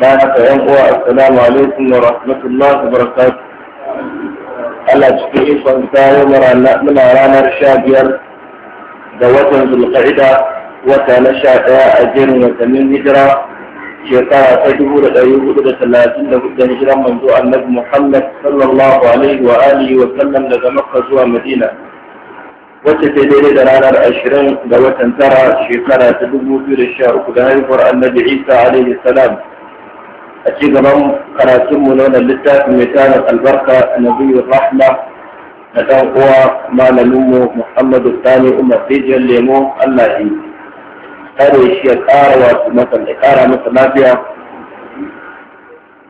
bayan haka yan uwa assalamu alaikum wa rahmatullahi wa barakatuh Allah cikin ikon kawo muna ranar sha biyar da watan zulqa'ida wata na sha ɗaya a jerin watannin hijira shekara ta dubu da ɗari hudu da talatin da hudu da manzo annabi Muhammad sallallahu alaihi wa alihi wa sallam daga Makka zuwa Madina wacce ta daidai da ranar ashirin ga watan tara shekara ta dubu biyu da sha uku da haihuwar annabi Isa alaihi salam a ci gaban karatunmu na wannan littafin mai tara albarka nabiyyu rahma na dan uwa malaminmu muhammadu sani umar rijiyar lemo allah yi kare shi ya kara wasu masa da kara masa lafiya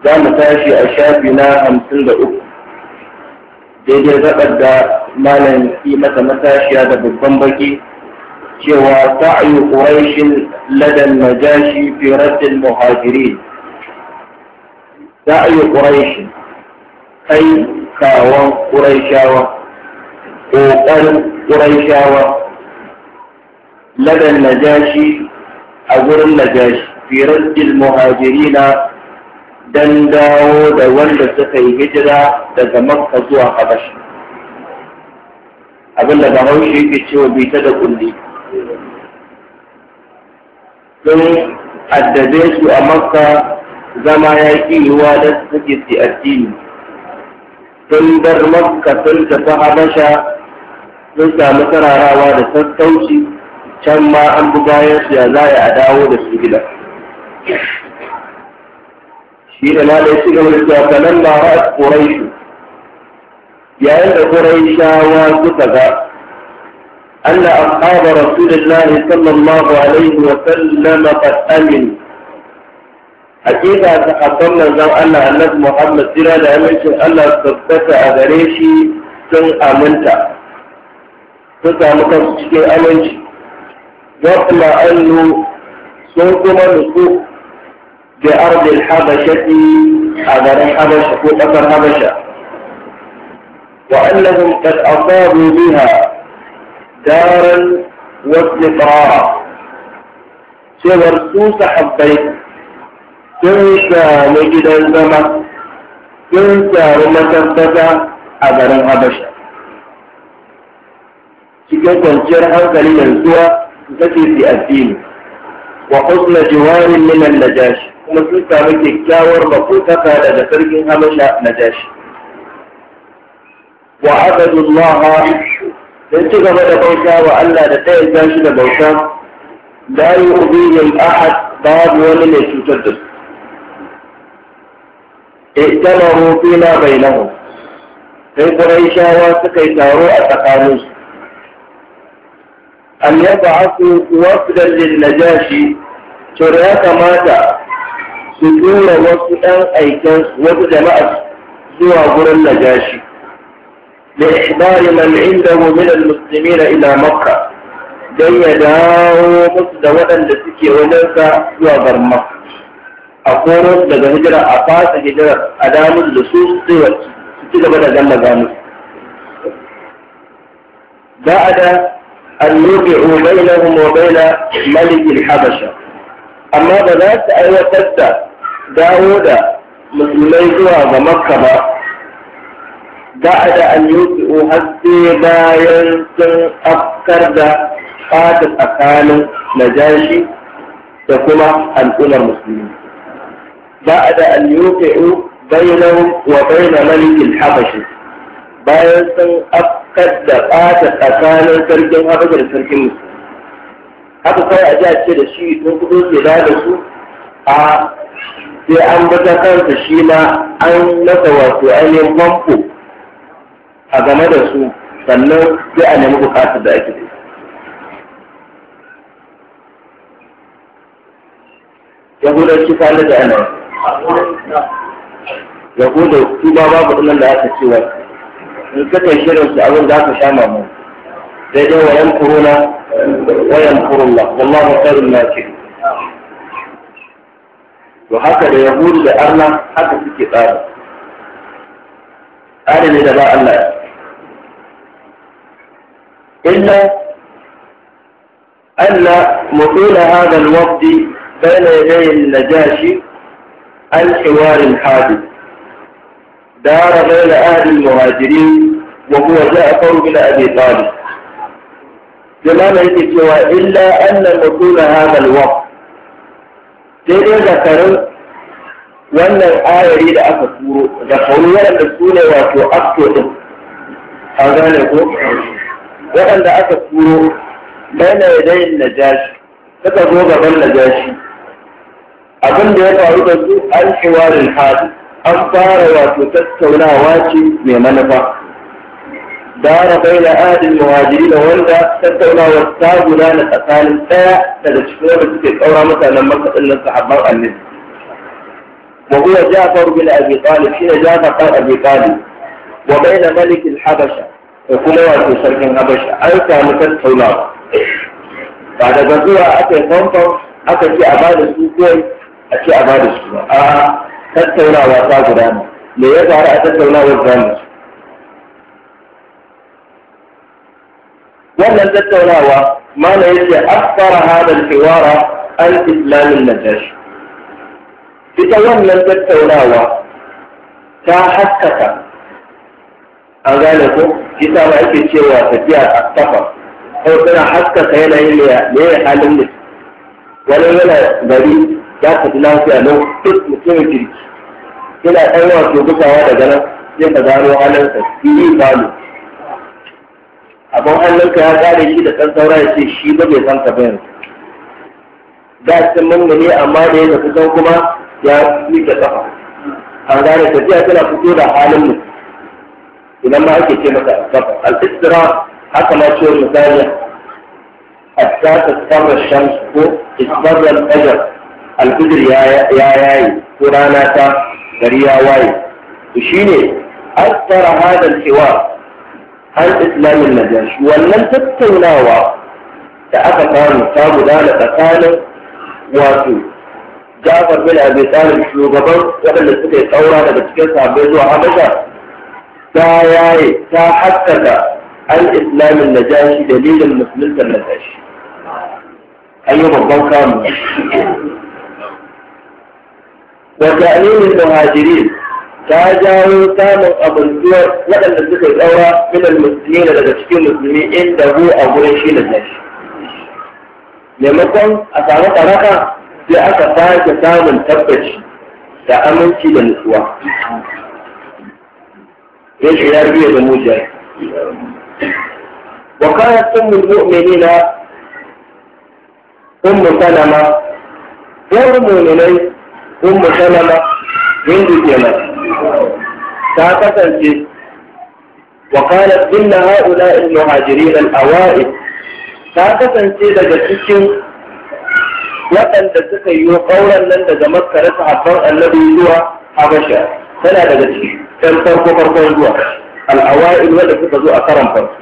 za mu tashi a shafi na hamsin da uku daidai zaɓar da malam yi masa matashiya da babban baki cewa sa'ayu quraishin ladan najashi fi raddil muhajirin za a yi ƙuraishi kai ƙuraishawa ƙoƙarin ƙuraishawa ladan najashi a gurin najashi firar muhajirina don dawo da wanda suka yi hijira daga makka zuwa habashi abinda ba haushi yake cewa bi ta da kulli sun addabe su a makka zama ya ƙi yiwuwa da suke su addini tun dar makka sun tafi habasha sun samu sararawa da sassauci can ma an bi bayan su ya za a dawo da su gida shi da na da shi gaba da cewa kanan ba ra'a su yayin da ƙuraishawa suka ga أن أصحاب رسول الله صلى الله عليه وسلم قد أمنوا hakika sahabban manzon Allah annabi Muhammad jira da amincin Allah tabbata a gare shi sun aminta sun samu kansu cikin aminci wasma annu sun kuma nutsu bi ardil habashati a garin habasha ko kasar habasha wa annahum qad asabu biha daran wa istiqrar cewar su sahabbai sun samu gidan zama sun samu matabbata a garin habasha cikin kwanciyar hankali da zuwa kace fi addini wa husna jiwarin min na najashi kuma sun samu kyakkyawar makotaka daga sarkin habasha najashi wa abadullah sun ci gaba da bauta wa Allah da ta yi shi da bauta la yu'dhihi ahad babu wani ne cutar da su ائتمروا فيما بينهم في قريش واسقي تارو التقانوس أن يبعثوا وفدا للنجاشي شريك مات سجون وفدا أيكن وفد مأس سوى قر النجاشي لإحضار من عنده من المسلمين إلى مكة دين داو مصد ودن لسكي ونسى وضر مكة a koro daga hijira a fasa hijira a damu da su su ci gaba da zama zamu ba'ada an yubi'u bainahum wa baina malik habasha amma ba za su aiwatar da dawo da musulmai zuwa ga makka ba da an yubi'u har sai bayan sun afkar da fata tsakanin najashi da kuma al'ummar musulmi بعد أن يوقعوا بينهم وبين ملك الحبش bayan sun afkar da ɓata tsakanin sarkin habasha da sarkin musu haka sai a jiya ce da shi sun kudu ke da da su a sai an bata kansa shi ma an nasa wato ainihin famfo a game da su sannan sai a nemi bukatar da ake da yahudanci kwanar da ana rago da tuba babu ɗinan da aka cewa in ka kai shirin su abin da aka sha mamu daidai wa yan kuruna wa yan kurulla wallahu khairun nakirin to haka da yahudu da arna haka suke tsara tsari ne da ba Allah illa anna mutula hada alwaqti bayna yaday najashi الحوار الحادث دار بين اهل المهاجرين وهو جاء قول بن ابي طالب تماما سوى الا ان مدون هذا الوقت سيدي ذكر وان الآية يريد أفكور ذكروا ولا مدون واتو أفكور هذا لكم وأن أفكور بين يدي النجاش فتقول بل النجاشي abin da ya faru da su an hiwarin hali an fara wato tattaunawa ce mai manufa dara bai da adin muhajiri da wanda tattaunawar ta gudana tsakanin ɗaya daga cikin wanda suke tsaura mutanen makaɗin nan sahabban annabi وهو جعفر بن أبي طالب حين جعفر قال أبي طالب وبين ملك الحبشة وكل وقت شرك الحبشة أيضا متت حولار بعد ذلك أتى فنطر أتى في أبال السوكوي a ce a bada su ba a tattaunawa ta gudana me ya faru a tattaunawar zamu wannan tattaunawa mana yace akthara hada al-hiwara an islamin najashi ita wannan tattaunawa ta haskaka an gane ko ita ma ake cewa tafiya a kafa ko tana haskaka yanayin ne halin da wani yana gari za ka ji lafiya nan duk mutumin kirki yana ɗan ke bugawa daga nan sai ka gano halinsa yi gano abin ka ya gane shi da ɗan saura ya ce shi ba bai san ka bayan Za da sun mummune amma da ya tafi can kuma ya miƙe ƙafa an gane tafiya tana fito da halin mu idan ma ake ce masa a al-istira haka ma ciwon misali a ta tsara shamsu ko da ajar alfijir ya yayi ko rana ta gari ya waye to shine asfara hadal hiwa an islamin najashi wannan tattaunawa da aka samu ta gudana tsakanin wato jafar bin abi talib shugaban waɗanda suka yi tsaura daga cikin sabai zuwa habasha ta yaye ta haskaka an islamin najashi dalilin musulunta najashi an yi babban kamun wata aminin muhajirin ta jawo samun abuntuwar waɗanda suka ɗaura minal musulmi da daga cikin musulmi inda hu a wurin shi da shi maimakon a samu ɗaraka sai aka sake samun tabbaci da aminci da nutsuwa ya shi ya biya da Wa wakana sun mu mu'mini na sun mu sanama ko mu'minai ummu ma hindu kenan ta kasance wa qalat inna haula al-muhajirin al ta kasance daga cikin waɗanda suka yi ƙauran nan daga makka na sahabban annabi zuwa habasha tana daga cikin farko farkon zuwa al wanda suka zo a karan farko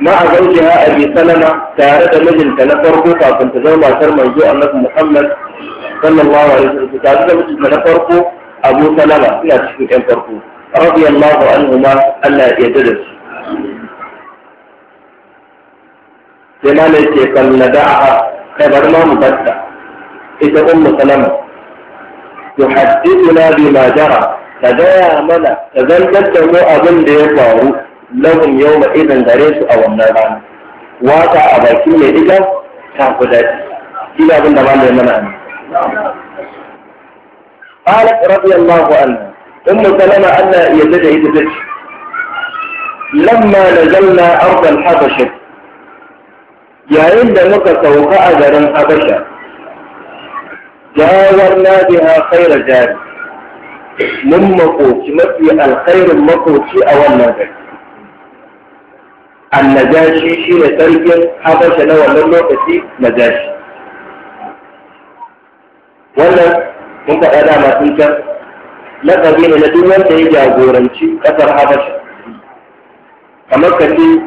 مع زوجها أبي سلمة كانت مجل تنفرقه فكنت زوما سرما زوء النبي محمد صلى الله عليه وسلم كانت مجل تنفرقه أبو سلمة لا تشكي تنفرقه رضي الله عنهما ألا يدرس لما ليس خبر ما مبتع إذا أم سلمة تحدثنا بما جرى تدايا منا تذلت مو أبن ديفارو lahum yawma idan gare su a wannan rana waka a baki mai diga ta fi daɗi shi ne abin da malamin mana ne قالت رضي الله عنها أم سلمة أن يزدها يزدها لما نزلنا أرض الحبشة yayin da muka sauka a garin Habasha, jawar na biya khaira jari, mun makoci mafi alkhairin makoci a wannan gari. annajashi shi ne sarkin habasha na wannan lokaci najashi wannan mun faɗa da masu can ne na duk wanda ya jagoranci ƙasar habasha kamar ka ce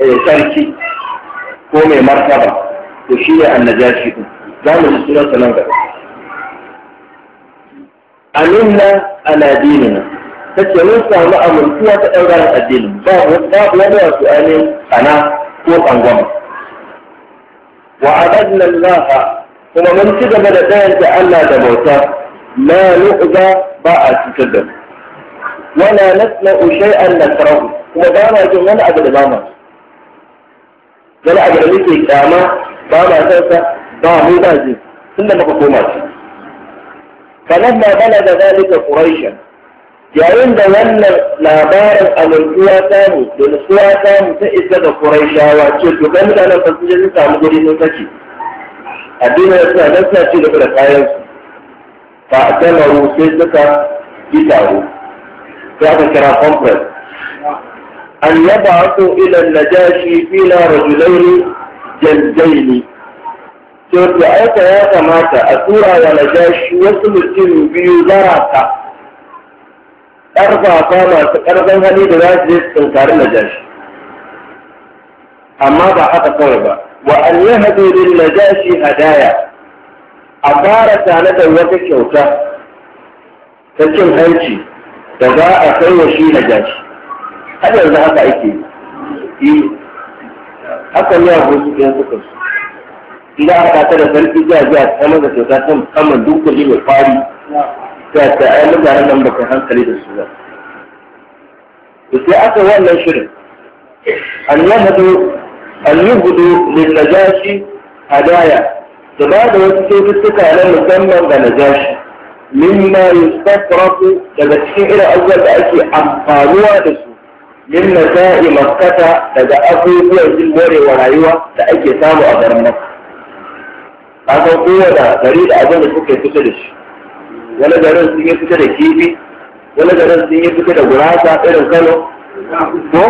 eh, sarki ko mai martaba to shi ne annajashi ɗin za mu ji sunansa nan gaba aminna ala dinina take mun samu amintuwa ta ɗaurarin addini babu babu wani wasu ainihin tsana ko tsangwama wa abadna Allah kuma mun ci gaba da dayanta Allah da bauta la nu'za ba a cutar da wala nasma'u shay'an nakrahu kuma ba ma jin wani abu da ba ma wani abu da muke kyama ba ma san ba mu ba ji tunda muka koma shi فلما بلغ ذلك قريشا yayin da wannan labarin amintuwa ta mu da nutsuwa ta ta isa da kuraishawa, ce to kai mutanen fa sun je sun samu guri sun kace addinin suna nan suna ci gaba da kayan su a atamaru sai suka yi taro sai aka kira conference an yab'athu ila an-najashi fina rajulaini jaljaini sai to aika ya kamata a tura wa najashi wasu mutum biyu ta. ƙarfafa masu ƙarfin hali da za su je su tunkari jashi amma ba haka kawai ba wa an yi hadirin najashi hadaya a fara da wata kyauta ta cin hanci da za a kai wa shi jashi har yanzu haka ake yi eh, haka ne a wasu ɗin suka su idan aka ta da sarki jajiya ta maza kyauta ta musamman dukkan yi mai fari sai ta ai mutanen nan baka hankali da su ba to sai aka wannan shirin annahadu annahadu lin najashi hadaya da ba da wasu kyaututtuka na musamman ga najashi mimma yustafraku daga cikin irin abubuwan da ake amfanuwa da su min nasa'i makkata daga abubuwan jin morewa rayuwa da ake samu a garin makka a san kowane gari da abin da suke fito da shi wani garin sun yi fita da kifi wani garin sun yi fita da gurasa irin kano ko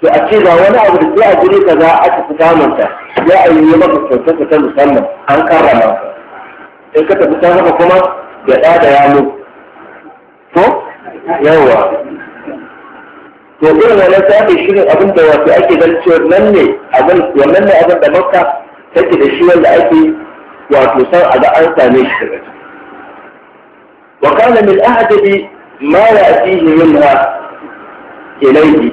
to a ce ga wani abu da sai a guri kaza ci fita manta ya a yi maka kyautar ta musamman an ma in ka tafi can haka kuma gyaɗa da yalo ko yawa to irin wannan sai shirin abin da wato ake ganin cewa nan ne abin wannan ne abin da makka take da shi wanda ake wato san a ga an same shi daga ciki وكان من أعجب ما يأتيه منها إليه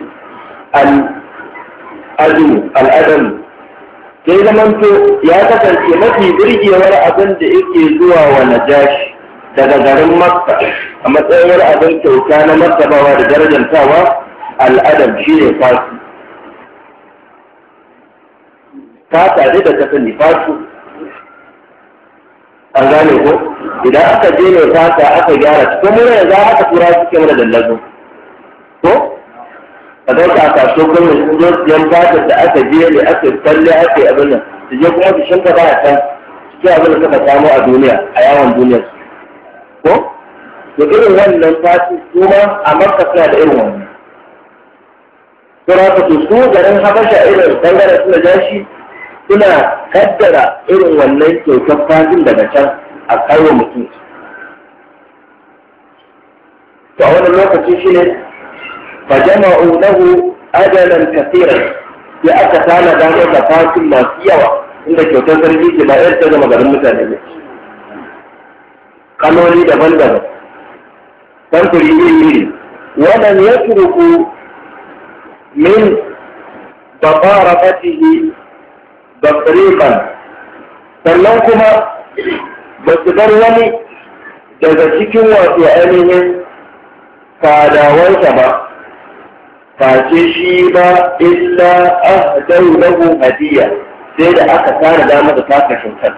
الأدم الأدم sai zamanto ya kasance mafi birgewar abin da yake zuwa wa najashi daga garin makka a matsayin abin kyauta na martabawa da darajantawa al'adam shi ne fasu ta tare da kasan fasu a gane ko idan aka je ne ta aka gyara cikin mura ya za aka tura su ke mana dallazo ko ka ta ta kaso kuma su zo siyan fatar da aka je ne aka kalle aka yi abin nan su je kuma su shinka ba a can cikin abin da suka samu a duniya a yawon duniya ko to irin wannan fati su a makka suna da irin wannan sauraka su su garin habasha irin bangaren suna jashi suna kaddara irin wannan kyautar fatin daga can a kaiwa mutum to a wani lokaci shi ne fajama'u lahu ajalan kathira ya aka tana da fatin masu yawa inda kyautar sarki ke ba yar ta zama garin mutane ne kanoni daban-daban samfuri iri-iri wannan ya turuku min da basirikan sannan kuma ba su bar wani daga cikin wato ainihin fadawansa ba face shi ba illa dau lahu hadiya sai da aka tara da masa taka shinkar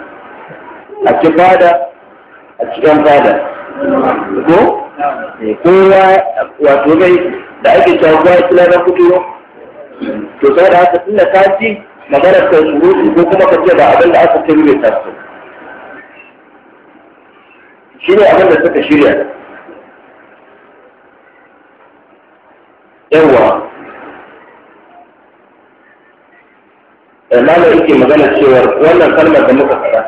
a cikin fada a cikin fada ko eh, ya wato mai da ake cewa kowa ya na kuturo to sai da aka tunda kaji ci kan shuru surutu ko kuma ka ce ba abin da aka kai mai tasiri shi ne abin da suka shirya yawwa da yake magana cewar wannan kalmar da muka faɗa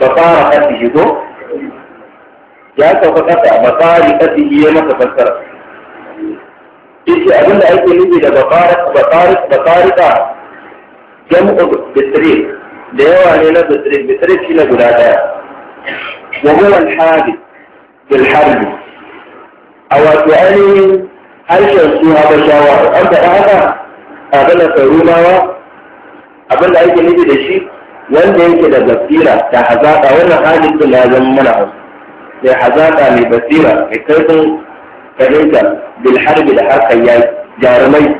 ba fara kasi ko ya sauka ƙasa ba fari kasi ya masa fassara yace abinda ake nufi da ba bafarik ka jam'u bitrin da yawa ne na bitrin bitrin shi na guda daya وهو الحادث في الحرب او اتعلم هل شخص هذا شواهد انت هذا هذا الفيروما هو أبن لأيك نبي دشي وان لأيك دا بسيرة دا حزاقة وانا حاجد كل هذا المنعو دا حزاقة من بسيرة اكتبتن فهمت بالحرب لحق يا جارمي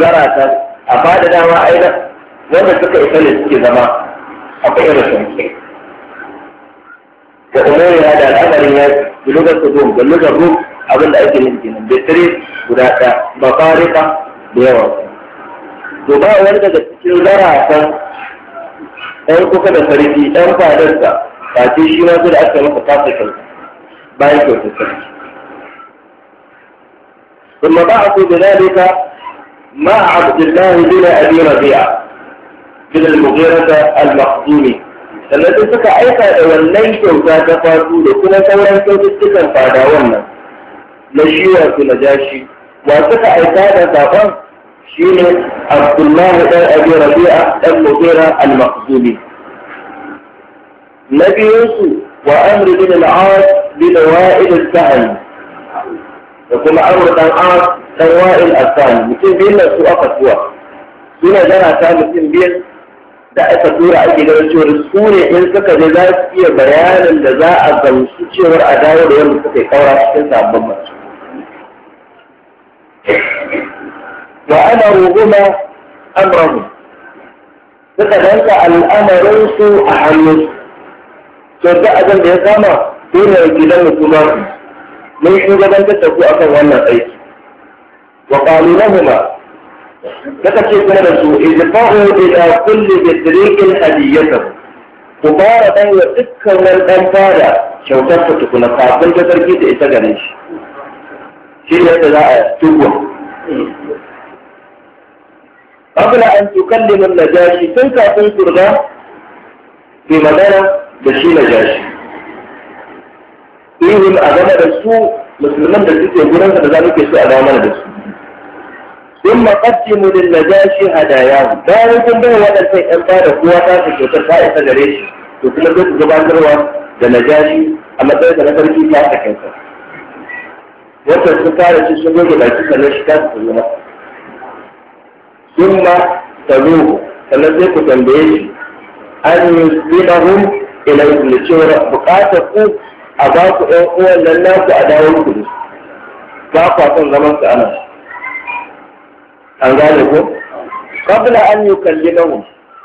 زراتا أفاد دا ما أيضا وانا فكر فلس كذا ما أفكر فلس كذا ga umurina da al'amarin ya bulugar sodom da lugar rum abin da ake nufi da tare guda ɗaya ba farika da yawa to ba wani daga cikin zaratan ɗan kuka da sarki ɗan fadarsa ba ce shi ma da aka masa kasa kyauta bayan kyautar sarki ثم بعثوا بذلك مع عبد الله بن ابي ربيعه بن المغيره المخزومي sannan sai suka aika da wannan kyauta ta fatu da kuma sauran kyaututtukan fada wannan na shi wato na jashi wa suka aika da saƙon shi ne abdullahi ɗan abi rabi'a ɗan mubira al-maqzubi na biyunsu wa amri bin al-aas bin wa'il al-sahal da kuma amru dan aas dan wa'il al-sahal mutum biyun su aka tuwa suna jana ta mutum biyun da aka tura ake ganin cewar su ne in suka je za su iya bayanin da za a gamsu cewar a dawo da yadda suka yi kawara cikin sabon mace. wa ana ruguma amrahu suka danka su a hannunsu to duk abin da ya kama dole ya gidan hukuma mun shugabantar da ku akan wannan aiki wa qalilahuma daga ce kuma da su idfa'u ila kulli bidriqin hadiyatan ku fara dan wa dukkan wani dan fara kyautar ta tukuna kafin ta sarki da ita gare shi shi ne yadda za a tuwa qabla an na jashi tun kafin kurga bi magana da shi najashi ihun a game da su musulman da suke gurin da za mu ke so a zama da su ثم قدموا للنجاشي هداياهم bayan kun bai waɗancan ‘yan fara kowa ta su ta isa gare shi to kuma zai gabatarwa da najashi a matsayin da na sarki ta aka kyautar wata su fara ci sun baki sannan shi ta su tuni masa summa taluhu sannan sai ku tambaye shi an yusbinahum ilaykum cewa bukatar ku a ba ‘yan uwan lallaku a dawo ku ba ku zaman su ana an gane ko qabla an yukallimahum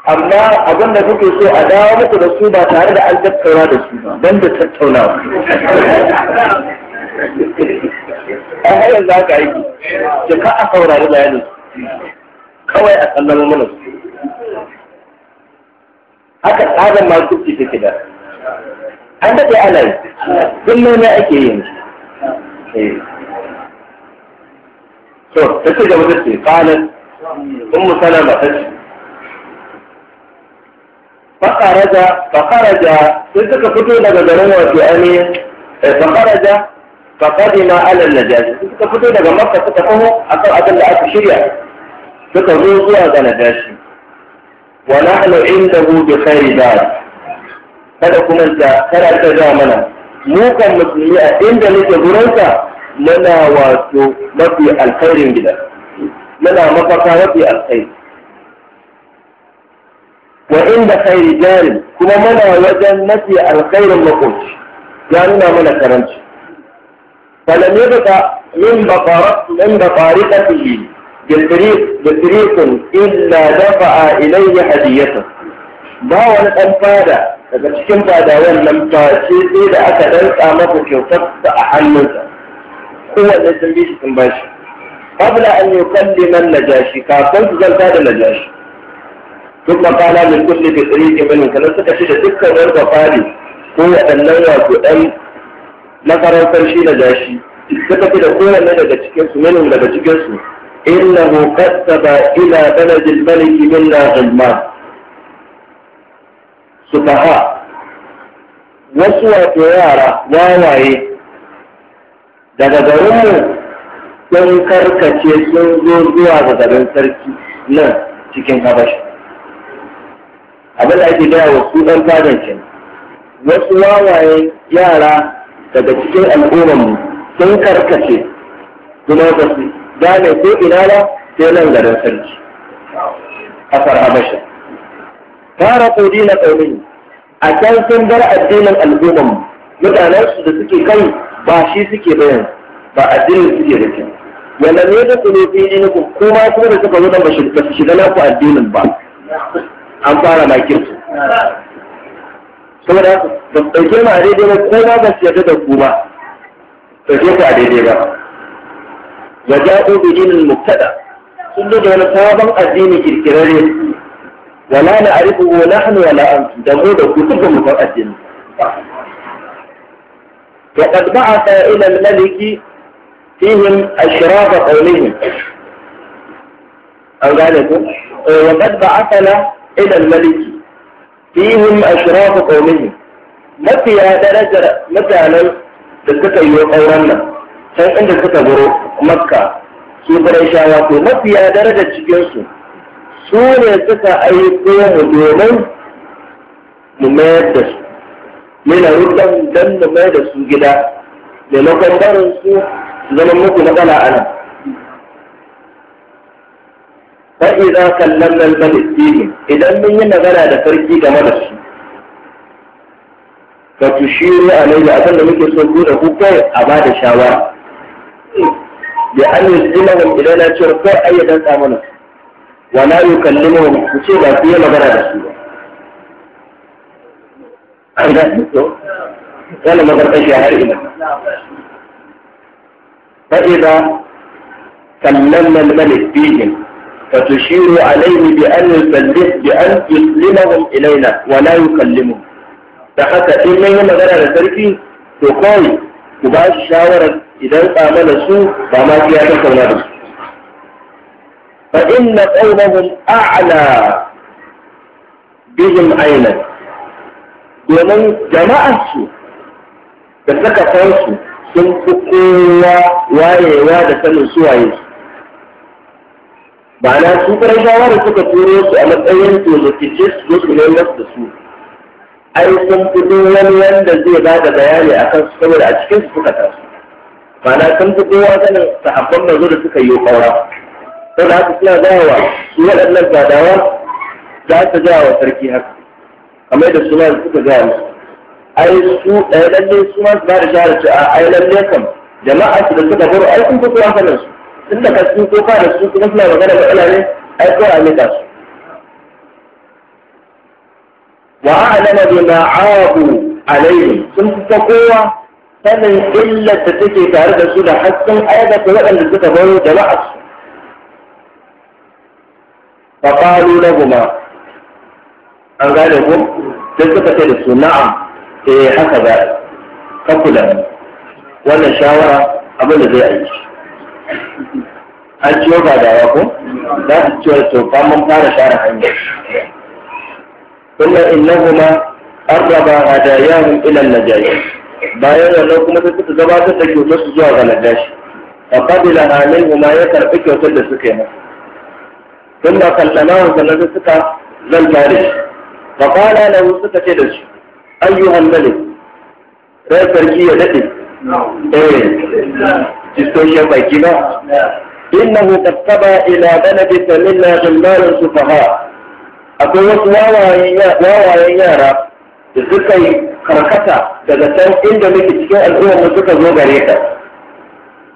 amma abinda da so a dawo muku da su ba tare da an tattauna da su ban da tattaunawa a hanyar za ka yi ki ka a saurari bayanin kawai a kallon mana su haka tsarin kuke take da an daɗe ana yi sun nuna ake yin eh. to ta ce gaba ta ce kanan ummu salama ta ce fakaraja fakaraja sai suka fito daga garin wato ainihin eh, fakaraja fakadima alal najashi suka fito daga makka suka a akan abin da aka shirya suka zo zuwa ga najashi wa nahnu indahu bi khairi dar kada kuma ta kada ta ga mana mu kan musulmi a inda nake gurinsa Muna wato mafi alkhairin gida lana mafaka mafi alkhairi wa inda khairi jarin kuma muna wajen mafi alkhairin makoci ya nuna mana karanci فلم يبقى من بقرة من بقارقته illa dafa a إليه هديته ba wani 'dan fada daga cikin fadawan nan face sai da aka ɗan masa kyautar da a hannunsa kowanne sun bi shi sun ba shi qabla an na najashi kafin su zanta da najashi duk makala min kulli fi tariqi min kana suka ce da dukkan wani bafali ko waɗannan wato ɗan nasarar farautar na jashi, suka fi da kowanne daga cikin su minhum daga cikin su innahu qattaba ila balad al-malik minna ghulman ha. wasu wato yara wawaye daga garinmu sun karkace sun zo zuwa ga garin sarki nan cikin habasha abin da ake gaya wa su ɗan fadance wasu wawayen yara daga cikin al'ummarmu sun karkace kuma ba su gane ko ina ba sai nan garin sarki ƙasar habasha fara tsodi na ƙaunin a can sun bar addinin al'ummarmu mutanensu da suke kai ba shi suke bayan ba addinin suke da shi wannan ne da kuma fi ne ku kuma kuma da suka zo ba su shiga naku addinin ba an fara makin su saboda haka ba su dauke ma a daidai ba kuma ba su yarda da ku ba ce ku a daidai ba wa ja'u da dinin muktada sun da wani sabon addini kirkirare wala na arifu wala hannu wala an da mu da ku duk mu addini فقد بعث إلى الملك فيهم أشراف قولهم أو ذلك وقد بعث إلى الملك فيهم أشراف قومهم ما في هذا الأجر مثلا تلتك أيها قولنا سيكون تلتك بروك مكة سيبرا إشاواته ما في هذا درجة جيوسو سوني تلتك أي قوم دوما مميزة yana rukun dan da mai da su gida maimakon barin su su zama muku matsala a nan fa'iza kallon nan balistini idan mun yi magana da farki game da su ka tushiru a nan da abin da muke so ku da ku kai a ba da shawara da an yi zimahun idan na cewar ayyadan samunan wa na yi kallimahun ku ce ba su yi magana da su ba an gane ko yana mafarkashiya har ina فإذا سلمنا الملك فيهم فتشير عليه بأن يسلم بأن يسلمهم إلينا ولا يكلمهم فحتى إن يوم غير السلفي تقول تباش شاورة إذا قام سوء فما فيها تسونا فإن قومهم أعلى بهم عينا domin jama'ar su da saka kansu sun fi kowa wayewa da sanin suwaye su ba na su ƙarfawa shawarar suka turo su a matsayin kice su zo su nemas da su ai sun fi wani wanda zai ba da bayani a su saboda a cikin su suka taso ba na sun fi kowa sanin sahabban manzo da suka yi ƙaura saboda haka suna zawa su waɗannan gadawa za su jawa sarki haka kamar da suna suka gaya musu ai su ɗaya lalle su ma su ba da shahara ce a ai lalle kam jama'a su da suka baro ai kun fito hankalin su tun da kasu ko ka da su kuma suna magana da ne ai kawai a mika su wa a'lama bima abu alaihim sun fi fita kowa sanin illar da take tare da su da hasken aikata waɗanda suka baro jama'a su fa na goma. an gane ko sai suka ce da su na'am eh haka ba, ka kula wannan shawara abin da zai aiki an ciwo ba dawa ko za su ciwo da tofa mun fara share hanya kuma innahuma arraba hadayahum ila na najashi bayan wannan kuma sai suka gabatar da kyautar su zuwa ga najashi fa qabila hamil ma ya karbi kyautar da suka yi masa tun da kallama sannan suka zanta da shi fa qala lahu suka ce da shi ayyuhan malik sai sarki ya dade eh jistoshiyar baki ba innahu kattaba ila banabika minna ghilmalun sufaha akwai wasu wawayen yara da suka yi karkata daga can inda muke cikin al'ummar suka zo gare ka.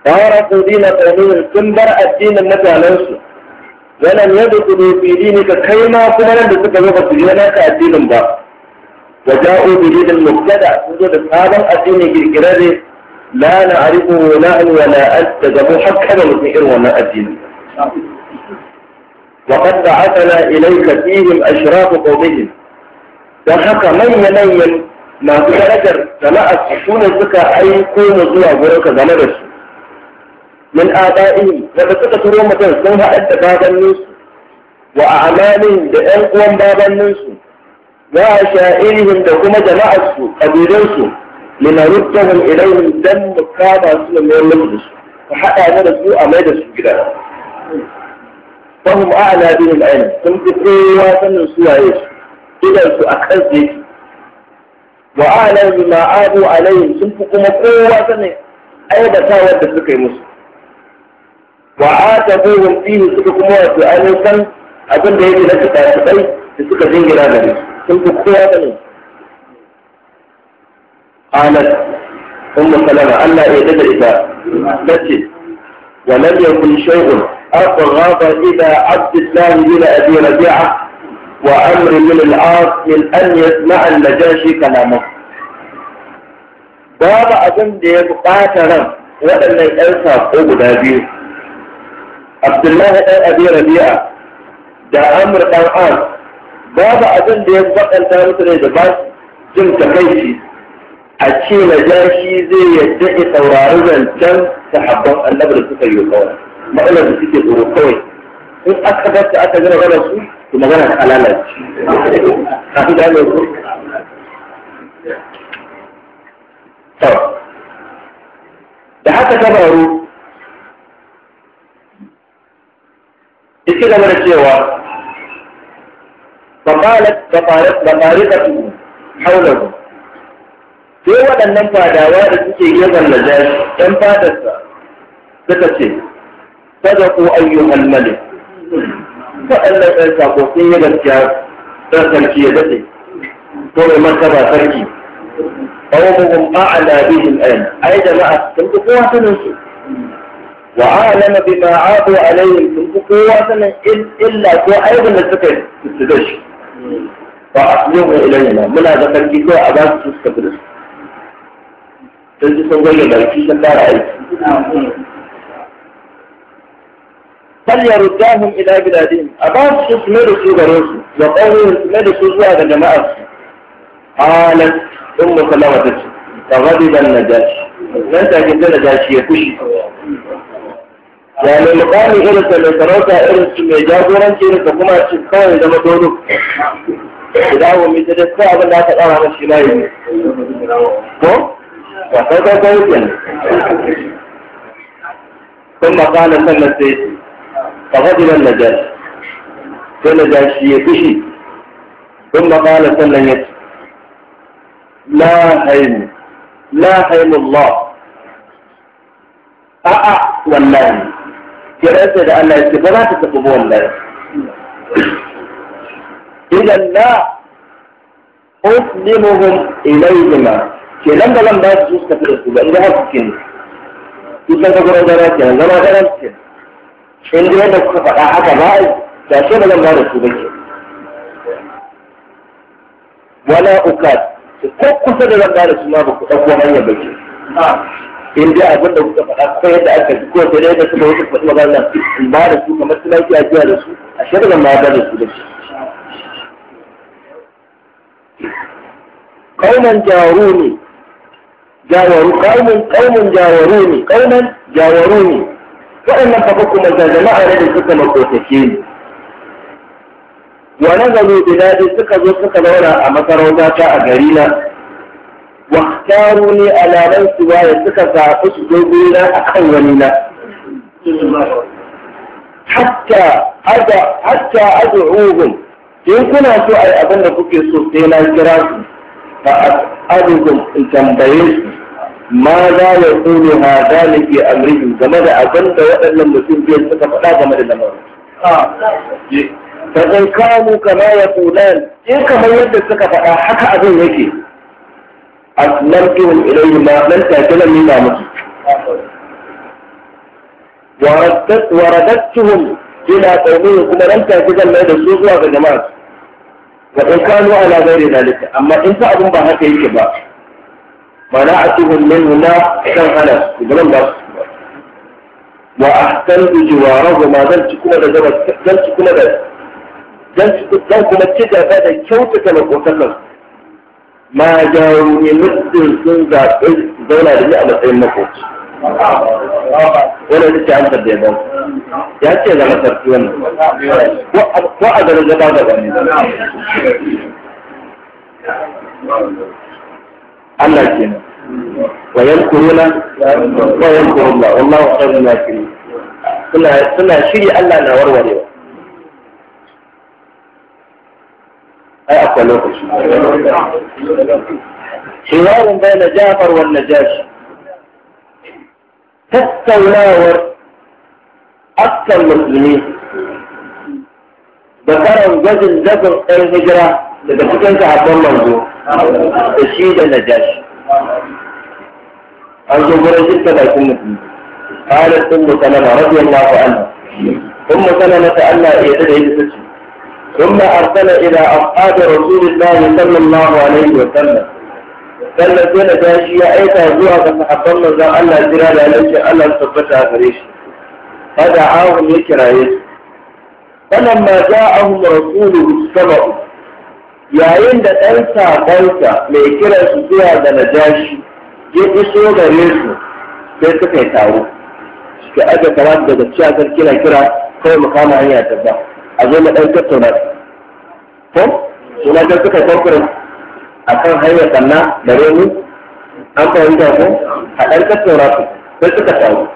Tawara su dina tsanin sun bar addinin mutanensu walam yadkhulu fi ka kai ma kuma nan da suka zo ba su yi naka addinin ba wa ja'u bi dinil mubtada sun zo da sabon addini kirkirare la na'rifu la an wa la anta da mu hakkaba mutum irin wannan addini wa qad ba'athana ilayka fihim ashraf qawmihim dan haka manyan masu darajar jama'ar su ne suka aiko mu zuwa gurinka game da su min ada'ihi daga suka turo mutum sun haɗa da babanninsu wa a'malin da ƴan uwan babanninsu wa sha'irihim da kuma jama'arsu kabilansu linaruddahum ilaihim dan mu kama su da mayar haɗa mu su a mai su gida fahim a'la bihim ayn sun fi kowa sanin waye su idan su sun fi kuma kowa sanin da suka yi musu wa aka zuwa fiye suka kuma wasu ainihin san abin da yake na suka kai da suka jingira da ni sun fi kowa da ne anas ɗan musalama allah iya daga ita na ce wa nan ya kun shaikun akwai rafa ita abdullahi yana abi rabi'a wa amri min al'as min an yi ma'an da jan shi kalaman babu abin da ya bukata ran waɗannan ƴan sako guda biyu عبد الله ابي ربيعة دا امر قرآن بابا اذن دي انبقى التاروت ليه دباس جم تقيشي حتشي مجاشي زي يدعي طوراعوزا الجن سحبا النبر السكي يقول ما قلنا بسيتي بروقوي ان اخذت اتجرى غلصو ثم غلص على لك خافيت عنه يقول طب دعاك كبارو ya ci gaba da cewa babarikatu haulahu sai waɗannan fadawa da suke gefen lajashi ɗan fadarsa suka ce ko ayyuhan malik waɗannan ɗan sako sun yi gaskiya ɗan sarki ya daɗe ko mai martaba sarki qawmuhum a'la labihin ɗan, ai jama'a sun fi kowa sanin su وعالم بما عادوا عليه من قوات إلا من أيضا في نسكتش فاقلوه إلينا من هذا تركي عباس أباس تسكبر تنجي سنغي ملكي شكار عيد بل إلى بلادهم عباس تسمير سوى روسو وقوله تسمير سوى هذا جماعة قالت أم سلامة فغضب النجاش نتاك إنت نجاشي يكوشي yani mukami irin ta mai sarauta irin su mai jagoranci irin ta kuma shi kawai zama dodo idan wa mai jada sai abin da aka tsara na shi ma yi ko ba sai kai kai yake sun makana sannan sai ta faɗi nan na jar sai na jar shi ya fushi sun makana sannan ya ce la haimu la haimu Allah a'a wallahi ya rantsa da Allah ya ce ba za ta tafi ba wallahi idan la uslimuhum ilayhima kenan ba zan ba su su tafi da su ba idan haka ke ne kusan ka gurin gara ke zama garan ke in dai yadda kuka faɗa haka ba a da shi ba zan ba da su ba ke wala ukat ko kusa da zan ba da su ma ba ku ɗauko hanyar ba ke in dai abin da kuka faɗa kai yadda aka ji ko sai yadda suka wuce faɗi magana nan in ba da su kamar su lafiya jiya da su a shirin ma ba da su da shi kaunan jawaruni jawaru kaunan kaunan jawaruni kaunan ne waɗannan fa kuma da jama'a ne da suka makotake ni wa nazalu biladi suka zo suka zauna a masarautata a garina واختاروا لي على من سواي سكا أسلوبنا ولينا حتى أدع حتى أدعوهم إن كنا سوء أبن كوكي سوتينا الكراس فأسألهم إن تنبيس ماذا يقول هذان في أمرهم كما ذا أبن لم يكن بين سكا فلا كما ذا فإن كانوا كما يقولان إن كما يدد سكا فلا حكى أبن يكي أسلمتهم إليه ما لن تأكل من نامك وردت ورددتهم إلى قومهم كما لن تأكل ما يدسوك وغنمات وإن كانوا على غير ذلك أما إن فأبن بها كيك با منعتهم من هنا كان أنا يقولون بس وأحسنت جوارهما ذلك كما ذلك كما ذلك ذلك كما تجد هذا كوتك من قوتك ma jawo ne muddin sun zaɓe zauna da ni a matsayin makoci wannan ita amsar da ya zama. ya ce zama sarki wannan ko a garin gaba gaba ne Allah kenan wa yankuruna wa yankurullah wallahu khairul makirin suna suna shiri Allah na warwarewa أأكل حوار بين جافر والنجاش حتى ولاور أكثر المسلمين بكرة وجزل زفر الهجرة لذلك أنت عبد الله نجوم تشيد النجاشي أرجو برجل كذا يكون قالت ثم سلمة رضي الله عنه ثم سلمة أن يدعي لتسلم ثم أرسل إلى أصحاب رسول الله صلى الله عليه وسلم sannan sai da tashi ya aika zuwa ga sahabban manzon Allah jira da alaƙin Allah tabbata a gare shi fada ahum ya kiraye su sannan ma ja'ahum rasuluhu sabau yayin da ɗan saƙonsa mai kiran su zuwa ga najashi ya iso gare su sai suka yi taro suka aika kamar daga cikin kira kira kawai mu kama ta ba a zo na ɗan tattauna ko suna da suka kwakwarin a kan hanyar sannan da renu an fahimta ko a ɗan tattauna su sai suka taru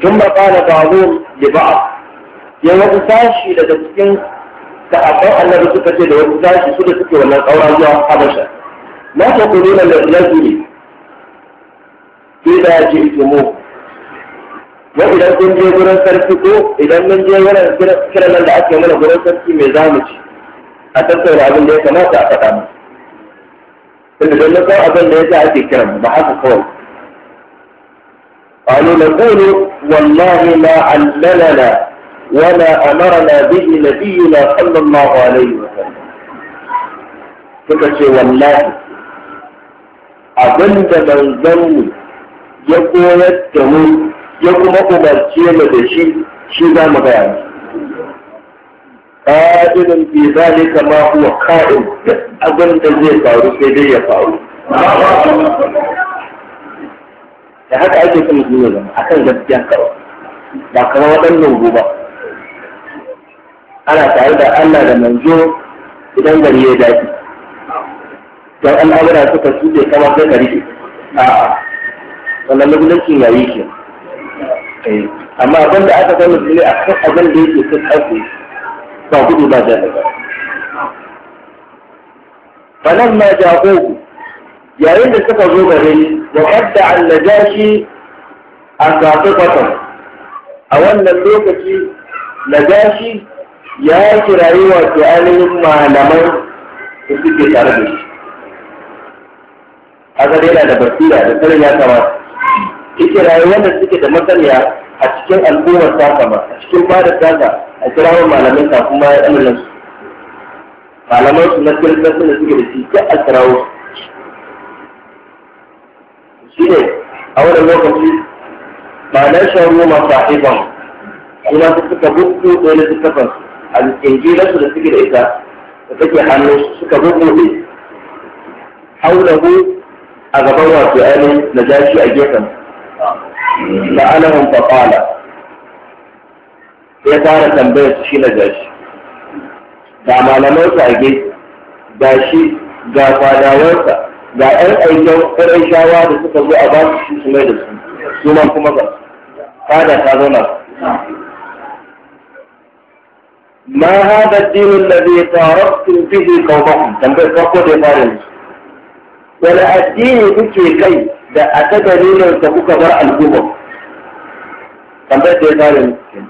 tun ba ka na zo da ba'a ya wasu sashi daga cikin sahabban annabi suka ce da wasu sashi su da suke wannan ƙaura zuwa habasha ma ta kuri na lalzuri إذا mu. mu idan kun je gurin sarki ko idan mun je wurin kiran nan da ake mana gurin sarki me za mu ci a tattauna abin da ya kamata a faɗa mu tunda don na san abin da ya sa ake kiran ba haka kawai قالوا نقول والله ما علمنا وما أمرنا به نبينا صلى الله عليه وسلم فكشي والله أبن من ya koyar da mu ya kuma umarce mu da shi shi za mu gaya mu ƙa'idin fi zalika ma huwa ka'in abin da zai faru sai dai ya faru da haka ake son zuwa zama akan gaskiya kawai ba kamar waɗannan gobe ana tare da Allah da manzo idan gari ya dace don al'amura suka suke kamar sai rike a wannan mugunancin yayi ke amma abin da aka san musulmi a kan abin da yake sun haifu ba gudu ba da daga falan ma jagogu yayin da suka zo gare ni da kadda shi a kafi kwatan a wannan lokaci najashi ya rayuwa ke ainihin malaman da suke tare da shi haka dai yana da basira da sanin ya kamata Kike rayuwar da suke da masaniya a cikin al'ummar taka ba a cikin fadar taka a kirawo malamai kafin ma ya ɗanin su malaman su na kirkar suna suke da shi ta a kirawo shi ne a wani lokaci ma'anar yi masu haifan kuma su suka buɗe ɗaya da suka fansu a cikin gidansu da suke da ita da take hannu suka buɗe haulahu a gaban wasu ainihin jashi a gefen la'anahum fa qala ya fara tambayar su na gashi ga malaman sa gashi ga fadawarsa ga 'yan aikin ƙirin shawa da suka zo a ba su su mai da su suna kuma ba. fada ta zauna ma hada dinin da zai tarattu fihi qaumakum tambayar farko da fara wani addini kuke kai da a ta dalilin da kuka bar al'umma tambayar da ya fara mutum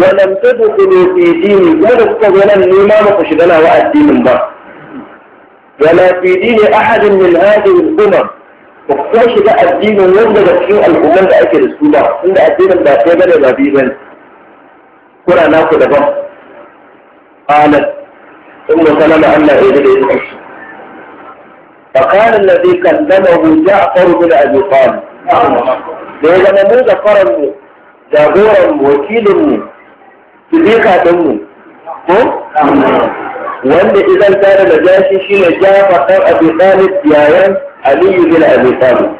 wannan ta dukulu fi dini kuma da kuka zo nan nema ba ku shiga nawa addinin ba wala fi dini ahadin min hadhihi al-umam ba ku shiga addinin wanda da cikin al'umman da ake da su ba inda addinin ba sai bane ba bi bane kuna naku daban qalat ummu salama Allah ya ji da yake فقال الذي كلمه جعفر بن ابي طالب ده لما موجه قرن جابورا وكيل صديقة أمي واللي إذا كان نجاشي شيء جعفر فقر أبي طالب يايا علي بن أبي طالب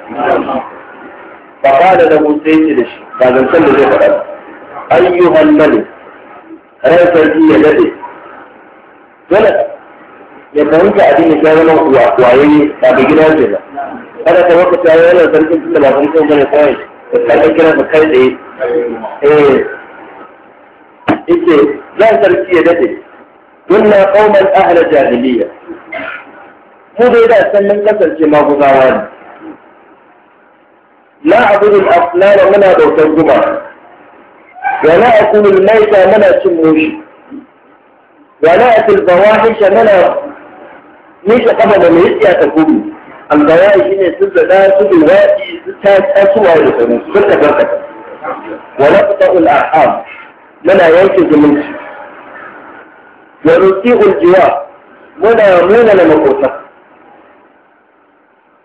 فقال له سيدي لشي بعد أن سلم يقرأ أيها الملك رأس الجي الذي ولد ya fahimta addini ta zama waye ba bai gina ce ba kada ka maka ta yana sarkin tunda ba sarkin kuma ne kawai ka karɓi kira ka kai tsaye eh yake zan sarki ya dade kunna qauman ahla jahiliya mu dai da san mun kasance maguzawa ne la abudu al-asnam muna bautar guma wa la akulu al-maita muna cin mushi wa la atil fawahisha muna miƙa kama da mai tsiya ta gudu albaya shi ne sun zaɗa su bin waɗi su ta tasuwa da sanu su ta karkata wala ta'ul arham muna yanke zumunci wa rusi'ul jiwa muna muna na makota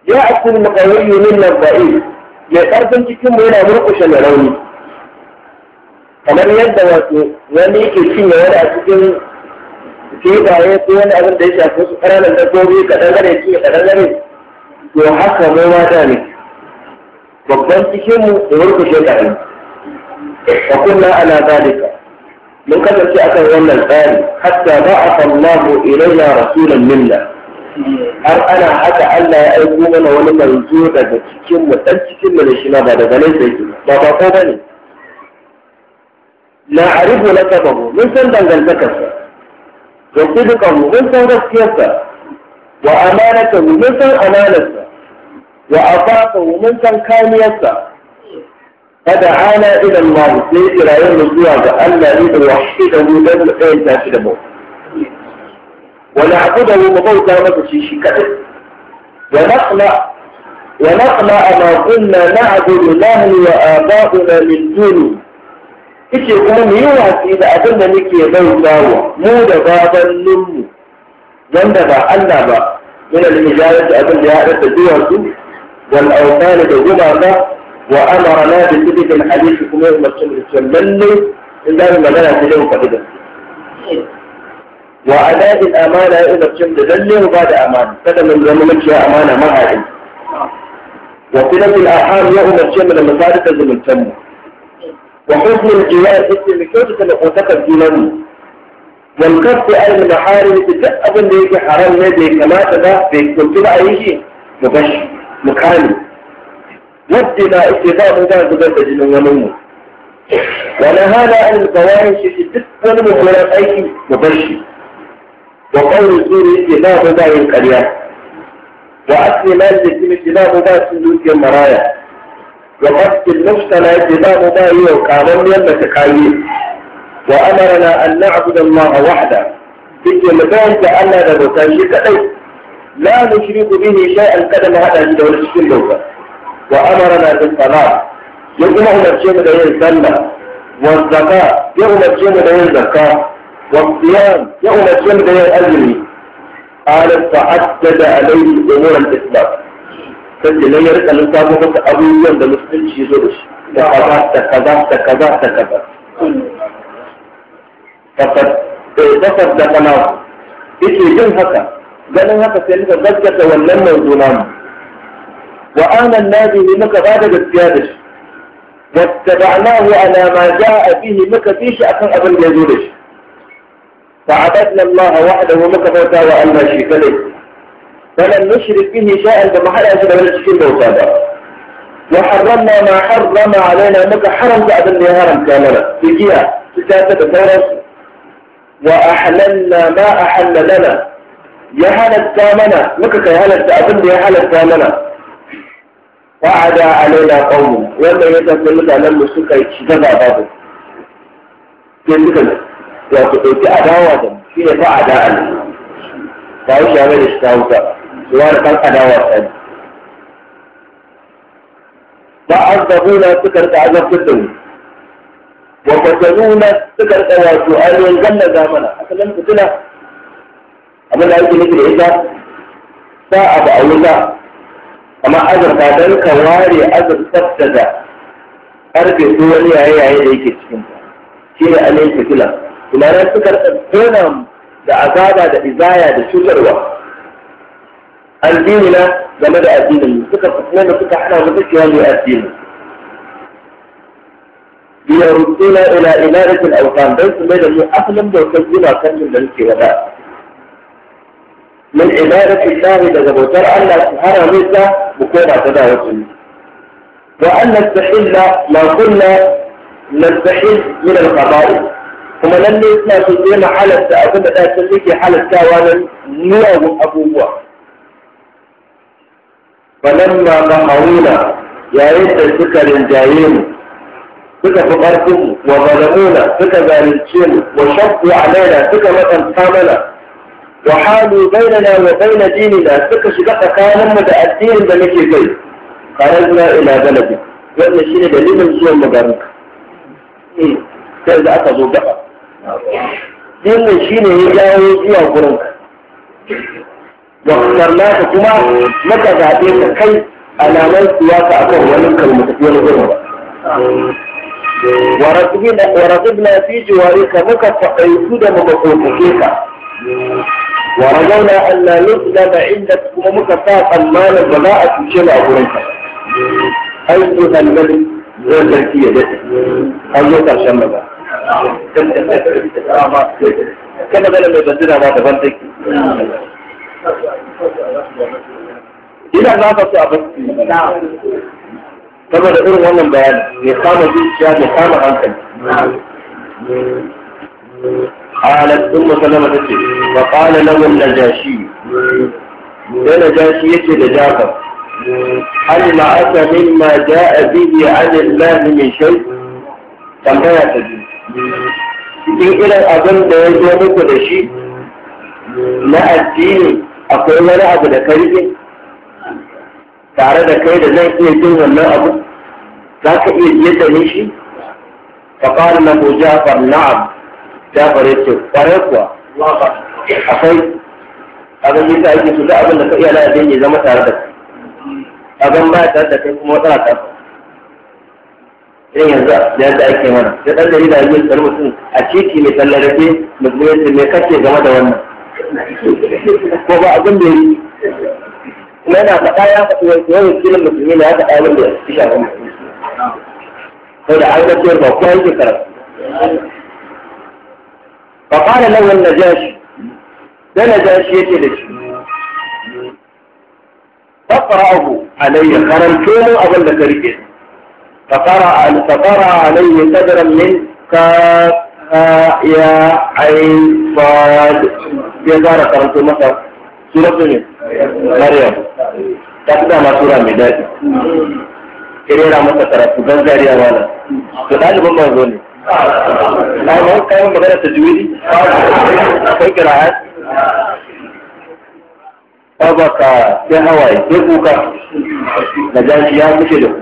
ya akul muqawiyyu na ba'i, ya karfin cikin mu yana murƙushe na rauni kamar yadda wato wani yake cinye wani a cikin filaye ko wani abin da ya shafi su ƙananan dabbobi kaɗan gare su kaɗan gare to haka mu da ne babban cikin mu da wurkushe kaɗan fa kunna ala zalika mun kasance akan wannan tsari hatta ba a sallahu ilayya rasulan minna har ana haka Allah ya aiko mana wani manzo daga cikin mu dan cikin mu shi ba daga nan sai ba ba ko bane na arifu lakabahu mun san dangantakarsa wa sidqahu mun san gaskiyarsa wa amanata mun amanarsa wa afafa mun san kamiyarsa kada ana ila Allah sai kirayen mu zuwa ga Allah ne da wahidahu dan mu kai ta shi da mu wa na'budu mu bauta masa shi shi kadai wa naqla ونقلع ما كنا نعبد نحن وآباؤنا من دونه yake kuma mu yi watsi da abin da muke bautawa mu da babanninmu wanda ba Allah ba yana da hijarar abin da ya haɗar da duwatsu wal autani da gumaka wa amara na da sidikin hadisi kuma ya mace mutum lallai in za mu magana ta yau faɗi da wa adadin amana ya umarci da lallai ba da amana kada mun zama maciya amana mahaɗin wa filafin aham ya umarci mu da misalin da zumuntanmu وحسن الجوار اسم لكوتة لقوتك الجنان والكف عن المحارم تجأب ليك حرام لدي كما تدا بكنت بأي شيء مبش مكاني ودنا اتفاق ذا زبادة جنون ومنه ونهانا عن الفواحش تتكون مخلات أي مبش وقول سوري اتفاق ذا القرية وأسلم الجسم اتفاق ذا سلوك المرايا وقد المشتلى جباب ماهي وكامل يمتكايي وأمرنا أن نعبد الله وحده بالجلبان كأننا نبتاجي كأي لا نشرك به شيئا قدم هذا الجدول الشلوة وأمرنا بالصلاة يقوم نفسهم دين سنة والزكاة يقوم نفسهم دين زكاة والصيام يقوم نفسهم دين أزمي قال فعدد عليه أمور الإسلام sai nan ya rika lissafo masa abubuwan da musulunci zo da shi da kaza da kaza da kaza da kaza tafas da kana yake jin haka ganin haka sai muka gaskata wannan manzo namu wa anan nabi ne muka ba da gaskiya da shi wattaba'nahu ala ma ja'a bihi muka bi shi akan abin da ya zo da shi fa'abatna Allah wahdahu muka bauta wa Allah shi kadai فلم نشرك به شيئا كما حرم اجل من الشكل وكذا وحرمنا ما حرم علينا مك حرم بعد اللي هرم كاملا في جهة في ثلاثة بثلاثة وأحللنا ما أحل لنا يا يهل الثامنة مك كيهل الثامنة يهل الثامنة وعدا علينا قوم وما يتفل لك أن المسلوك يتشتبع بابه كيف يقول في يقول لك أداوة فيه فعدا علينا فأيش يعمل اشتاوتا wani kan adawa sani ba na suka rika azabtar da mu wa na suka rika wato ainihin ganna zamana aka zan fitila abin da ake nufi da ita a ba a wuta amma azabta don ka ware da daga karfe ko wani yaye-yaye da yake cikin shi ne ainihin fitila tunanin suka rika tunan da azaba da izaya da cutarwa الدين لا لماذا الدين فكرة اثنين فكرة احنا ونفسي هذه الدين ليردونا الى امارة الاوطان بيت الميدة هي اخلم وكذبنا كذب من الكهباء من امارة الله اذا جبه ترى ان السهارة ميزة بكون اعتداه وكذب وان نستحل ما كنا نستحيل من القبائل ثم لن نسمع في الدين حالة اقول لا تسليك حالة كاوانا نوع ابوه فلما يا ريت تلتك للجايين تلتك فقركم وظلمونا تلتك بالجين وشطوا علينا تلتك مثلا قامنا وحالوا بيننا وبين ديننا تلتك شدق كانما تأثير بمكي بي خرجنا إلى بلدي وإن الشيء دليل من سوى المبارك إيه، كذا أتظر بقى دين الشيء يجاوز يا قرنك واختر لك كما متى ذاتيك كي alaman siyasa akan wani kalmatafiyar gurin ba warazib na fi jiwari ka muka faɗaitu da mamakotake ka warazauna allah nufina da inda kuma muka sa tsammanin ba za a cuce mu a gurin ka an yi hannar zan zarki ya daɗe an zo ƙarshen maza kada zana mai bandina ma daban take idan za ka so a basu saboda irin wannan bayani mai kama zuciya mai kama hankali قالت ثم سلمة فقال له النجاشي Hali نجاشي يجي لجعفر هل معك مما جاء به عن الله من شيء tambaya ta biyu cikin irin abin da ya zo muku da shi na addini akwai wani abu da ka tare da kai da zan iya jin wannan abu za ka iya jiyar da ni shi ka fara na ko jafar na'am jafar ya ce kwarai kuwa akwai abin yi ta ake su da abin da ka iya lalata addini ya zama tare da abin ba tare da kai kuma wata ta irin yanzu yadda ake mana ya ɗan da yi da yi mutum a ciki mai tallarafe mai kake game da wannan ko ba abin da yi kuma yana faɗa ya faɗi wani wani wakilin musulmi ya faɗa abin da ya shafi musulmi da an ga ba kowa yake karatu fa qala lahu an-najashi da najashi yake da shi فقرأه عليه خرمتوه أبن ذكرك فقرأ فقرأ عليه صدرا من ka. يا عين صاد يا زارة قرنت مصر سورة kirera masa karatu don zariya wala to ne ai ma kai magana ta sai hawaye sai kuka da jashi ya da kuka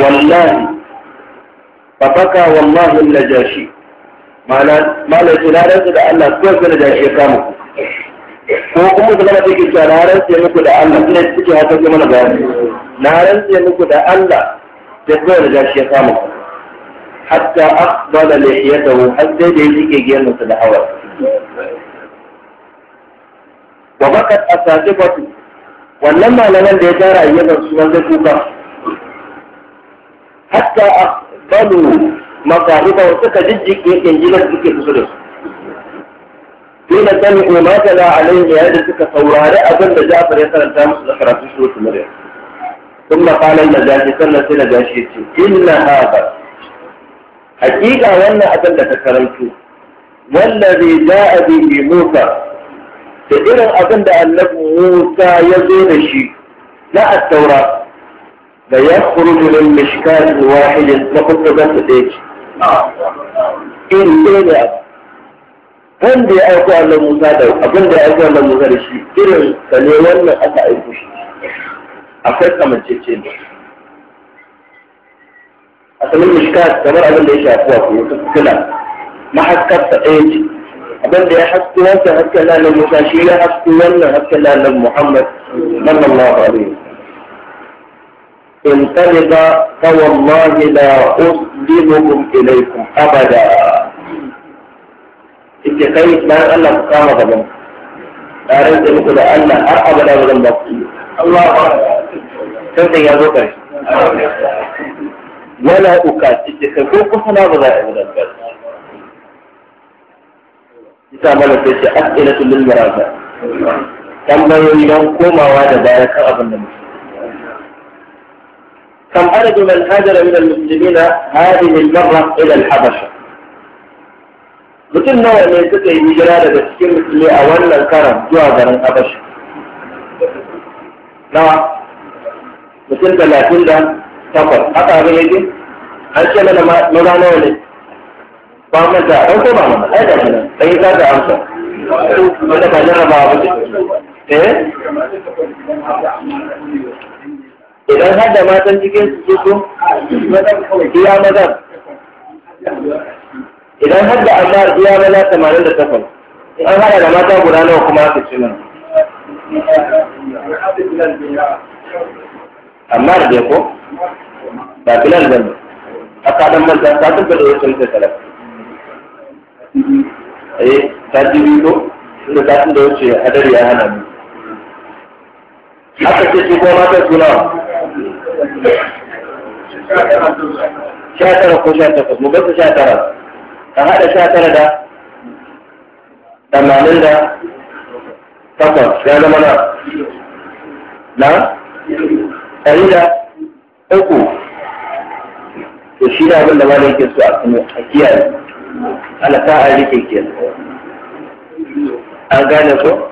wallahi fafaka wallahi najashi mala ce na rantsa da Allah ko sai najashi ya kama ku ko kuma da zama take cewa na rantsa muku da Allah suna suke haka ke mana bayani na rantsa muku da Allah da ko najashi ya kama ku hatta aqbala lihiyatahu har sai da yake gemunsa da hawa wa bakat asatibatu wannan malaman da ya tara ayyukan su wanda kuka hatta balu masahiba suka jijjike injinar suke kusa da su sai na sami umarta da alayhi yayin da suka saurari abin da jafar ya karanta musu da karatu su wasu murya sun makalan na jashi sannan sai na jashi ya ce inna haɗa hakika wannan abin da ta karanto wallazi ja'a bihi musa da irin abin da annabi musa ya zo da shi na at-taurat بيخرج من مشكال واحد لقد تبت ديك اه إن كان دي أكو على موسى دو أكن دي أكو على موسى دي شي كيرو تليوان من أكا إيكو شي أفر كمان تشين أصلا مشكات كمان أبن دي شي أكو أكو كلا ما حكت تأيج أبن دي أحكت واسا هكا لا لموسى شي لا حكت وانا هكا لا لمحمد من الله عليه انطلق فوالله لا أسلمكم إليكم أبدا ike kai bayan Allah ku kama gaban tare da muku da Allah har abada ba zan ba ku Allah sai ya zo kai wala uka ike kai ko kusa na ba za a gudan ba ita mana tambayoyi don komawa da baya kan كم عدد من هاجر من المسلمين هذه المرة إلى الحبشة مثل نوع من ستي هجرالة بسكين مثل أول الكرم جوابر الحبشة نوع مثل ثلاثين دان سفر أتا بيجي أنشاء لنا مدانو لي بعمل ذا أو كما مدانو أيضا جنا أي ذا ذا أمسا مدانو بابا بابا بابا بابا idan har da matan cikin su su iya maza idan har da amma iya maza tamanin da takwas an hada da mata guda nawa kuma aka ci nan amma da dai ko ba filan ba ne a kaɗan manta ta tabbata da wacce mutum talaka eh ta ji biyu ko inda ta tun da wacce hadari ya hana mu aka ce shi ko matan suna Shatara ko sha mu gasa sha tara ka haɗa shatara da tamanin da takwas ya zama na na ɗari da uku to shi da abin da ma da ke so a kuma a kiyaye alaka a rike ke an gane ko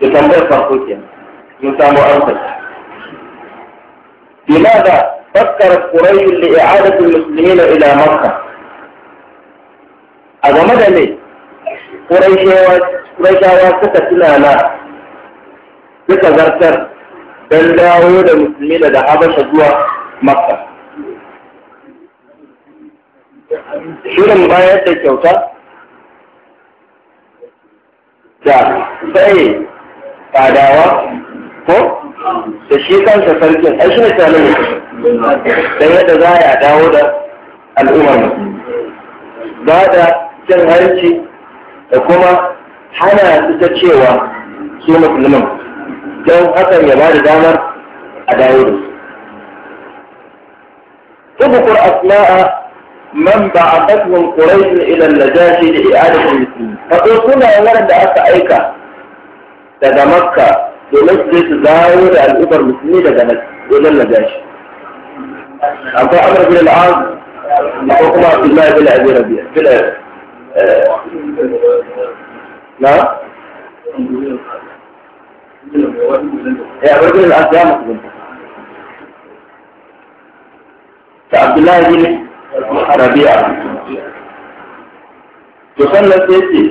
da tambayar farko ke mun samu amsa limaza fakkar quraysh li i'adati almuslimina ila makka a game da ne qurayshawa suka tunana suka zartar don dawo da musulmi da habasha zuwa makka shirin bayar da kyauta da tsaye fadawa ko da shi kansa sarkin ai shi ne tsanin da yadda za a dawo da al'ummar ba da cin hanci da kuma hana su ta cewa su musulman don hakan ya ba da damar a dawo da su. تذكر أسماء من بعثتهم قريش إلى النجاشي لإعادة المسلمين. فقل كنا ورد أسأيك دا مکه د لږ څه ځای د اکبر مسلمي د جنت ولل نه جاش ابو عمر بن العاص مقوم عبد الله بن ابي ربيع بلا آه، لا يا رجل الأسلام عبد الله بن ربيعة يصلى سيدي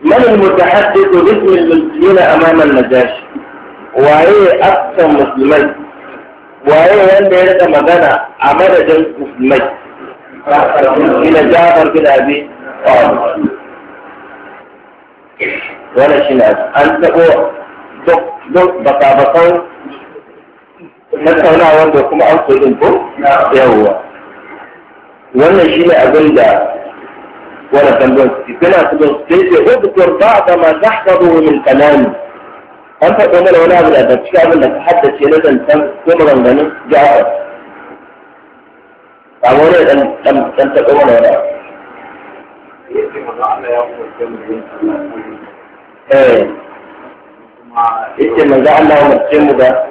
من المتحدث باسم المسلمين امام النجاشي waye aksan musulmai waye wanda ya rika magana a madadin musulmai ina jabar bin abi shi ne an duk da kuma an kudin ko yawwa wannan shi ne abin da ولا تنبغي كده تبغي اذكر بعض ما تحفظه من كلام أنت تقول ولا أبدا بتشكي أبدا تحدث يلدا تم تمرا لنا جاء أقول أن لم لم تقول ولا إيه إيه من جعل لهم الجم ده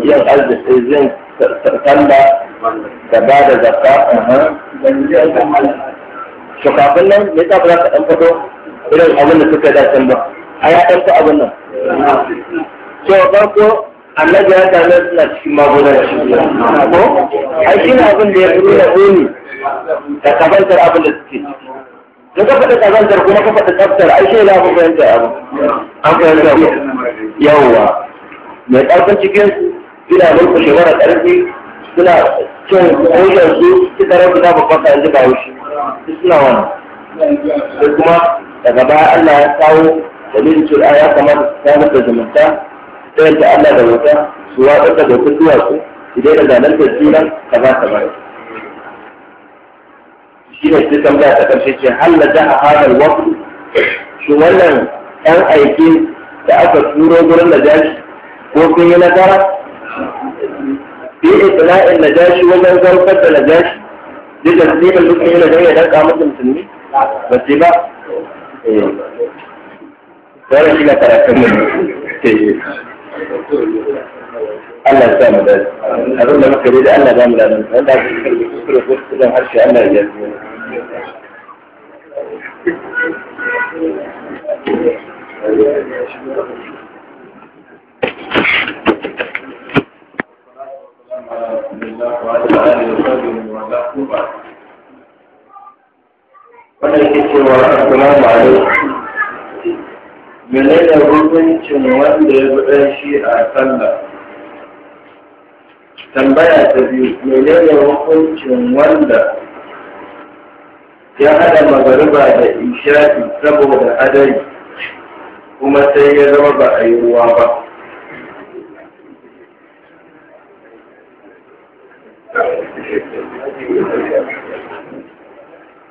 يقعد الزين تلا تبادل زكاة أها to kafin nan me yasa ba za ka dan fito irin abin da suka da can ba a ya dan abin nan to farko annabi ya ta nan suna cikin magudan shi ko ai shi ne abin da ya fito da ne da kabantar abin da suke da ka faɗi kazantar kuma ka faɗi tsaftar ai shi ne za ku fahimta abin an fahimta ku yawwa mai ƙarfin cikin suna mulku shekara ƙarfi suna cin hujjar su suka rabu na babban sa'an ji ba wuce duk suna wannan kuma daga baya Allah ya kawo dalilin cewa ya kamata su samar da zumunta sai da Allah da wuta su watsar da dokar duwatsu idan da da juna ka ba ta bari shi ne sai tambaya ta ƙarshe ce halla da a halar waku shi wannan ɗan aiki da aka turo gurin da jashi ko sun yi nasara fi itina'in na jashi wajen zarfar da na jashi duk da su ban duk yana da ya danka musu musulmi ba ce ba wannan shi na karatun mu Allah ya mu dace abin da muka da Allah ya mu dace wanda aka yi karbi kuskure ko kusurin harshe Allah ya yi Thank you. Wannan yake cewa assalamu alaikum. Mene ne hukuncin wanda ya bi ɗan shi a sallah? Tambaya ta biyu, mene ne hukuncin wanda ya haɗa magariba da isha'i saboda adari. kuma sai ya zama ba a yi ruwa ba?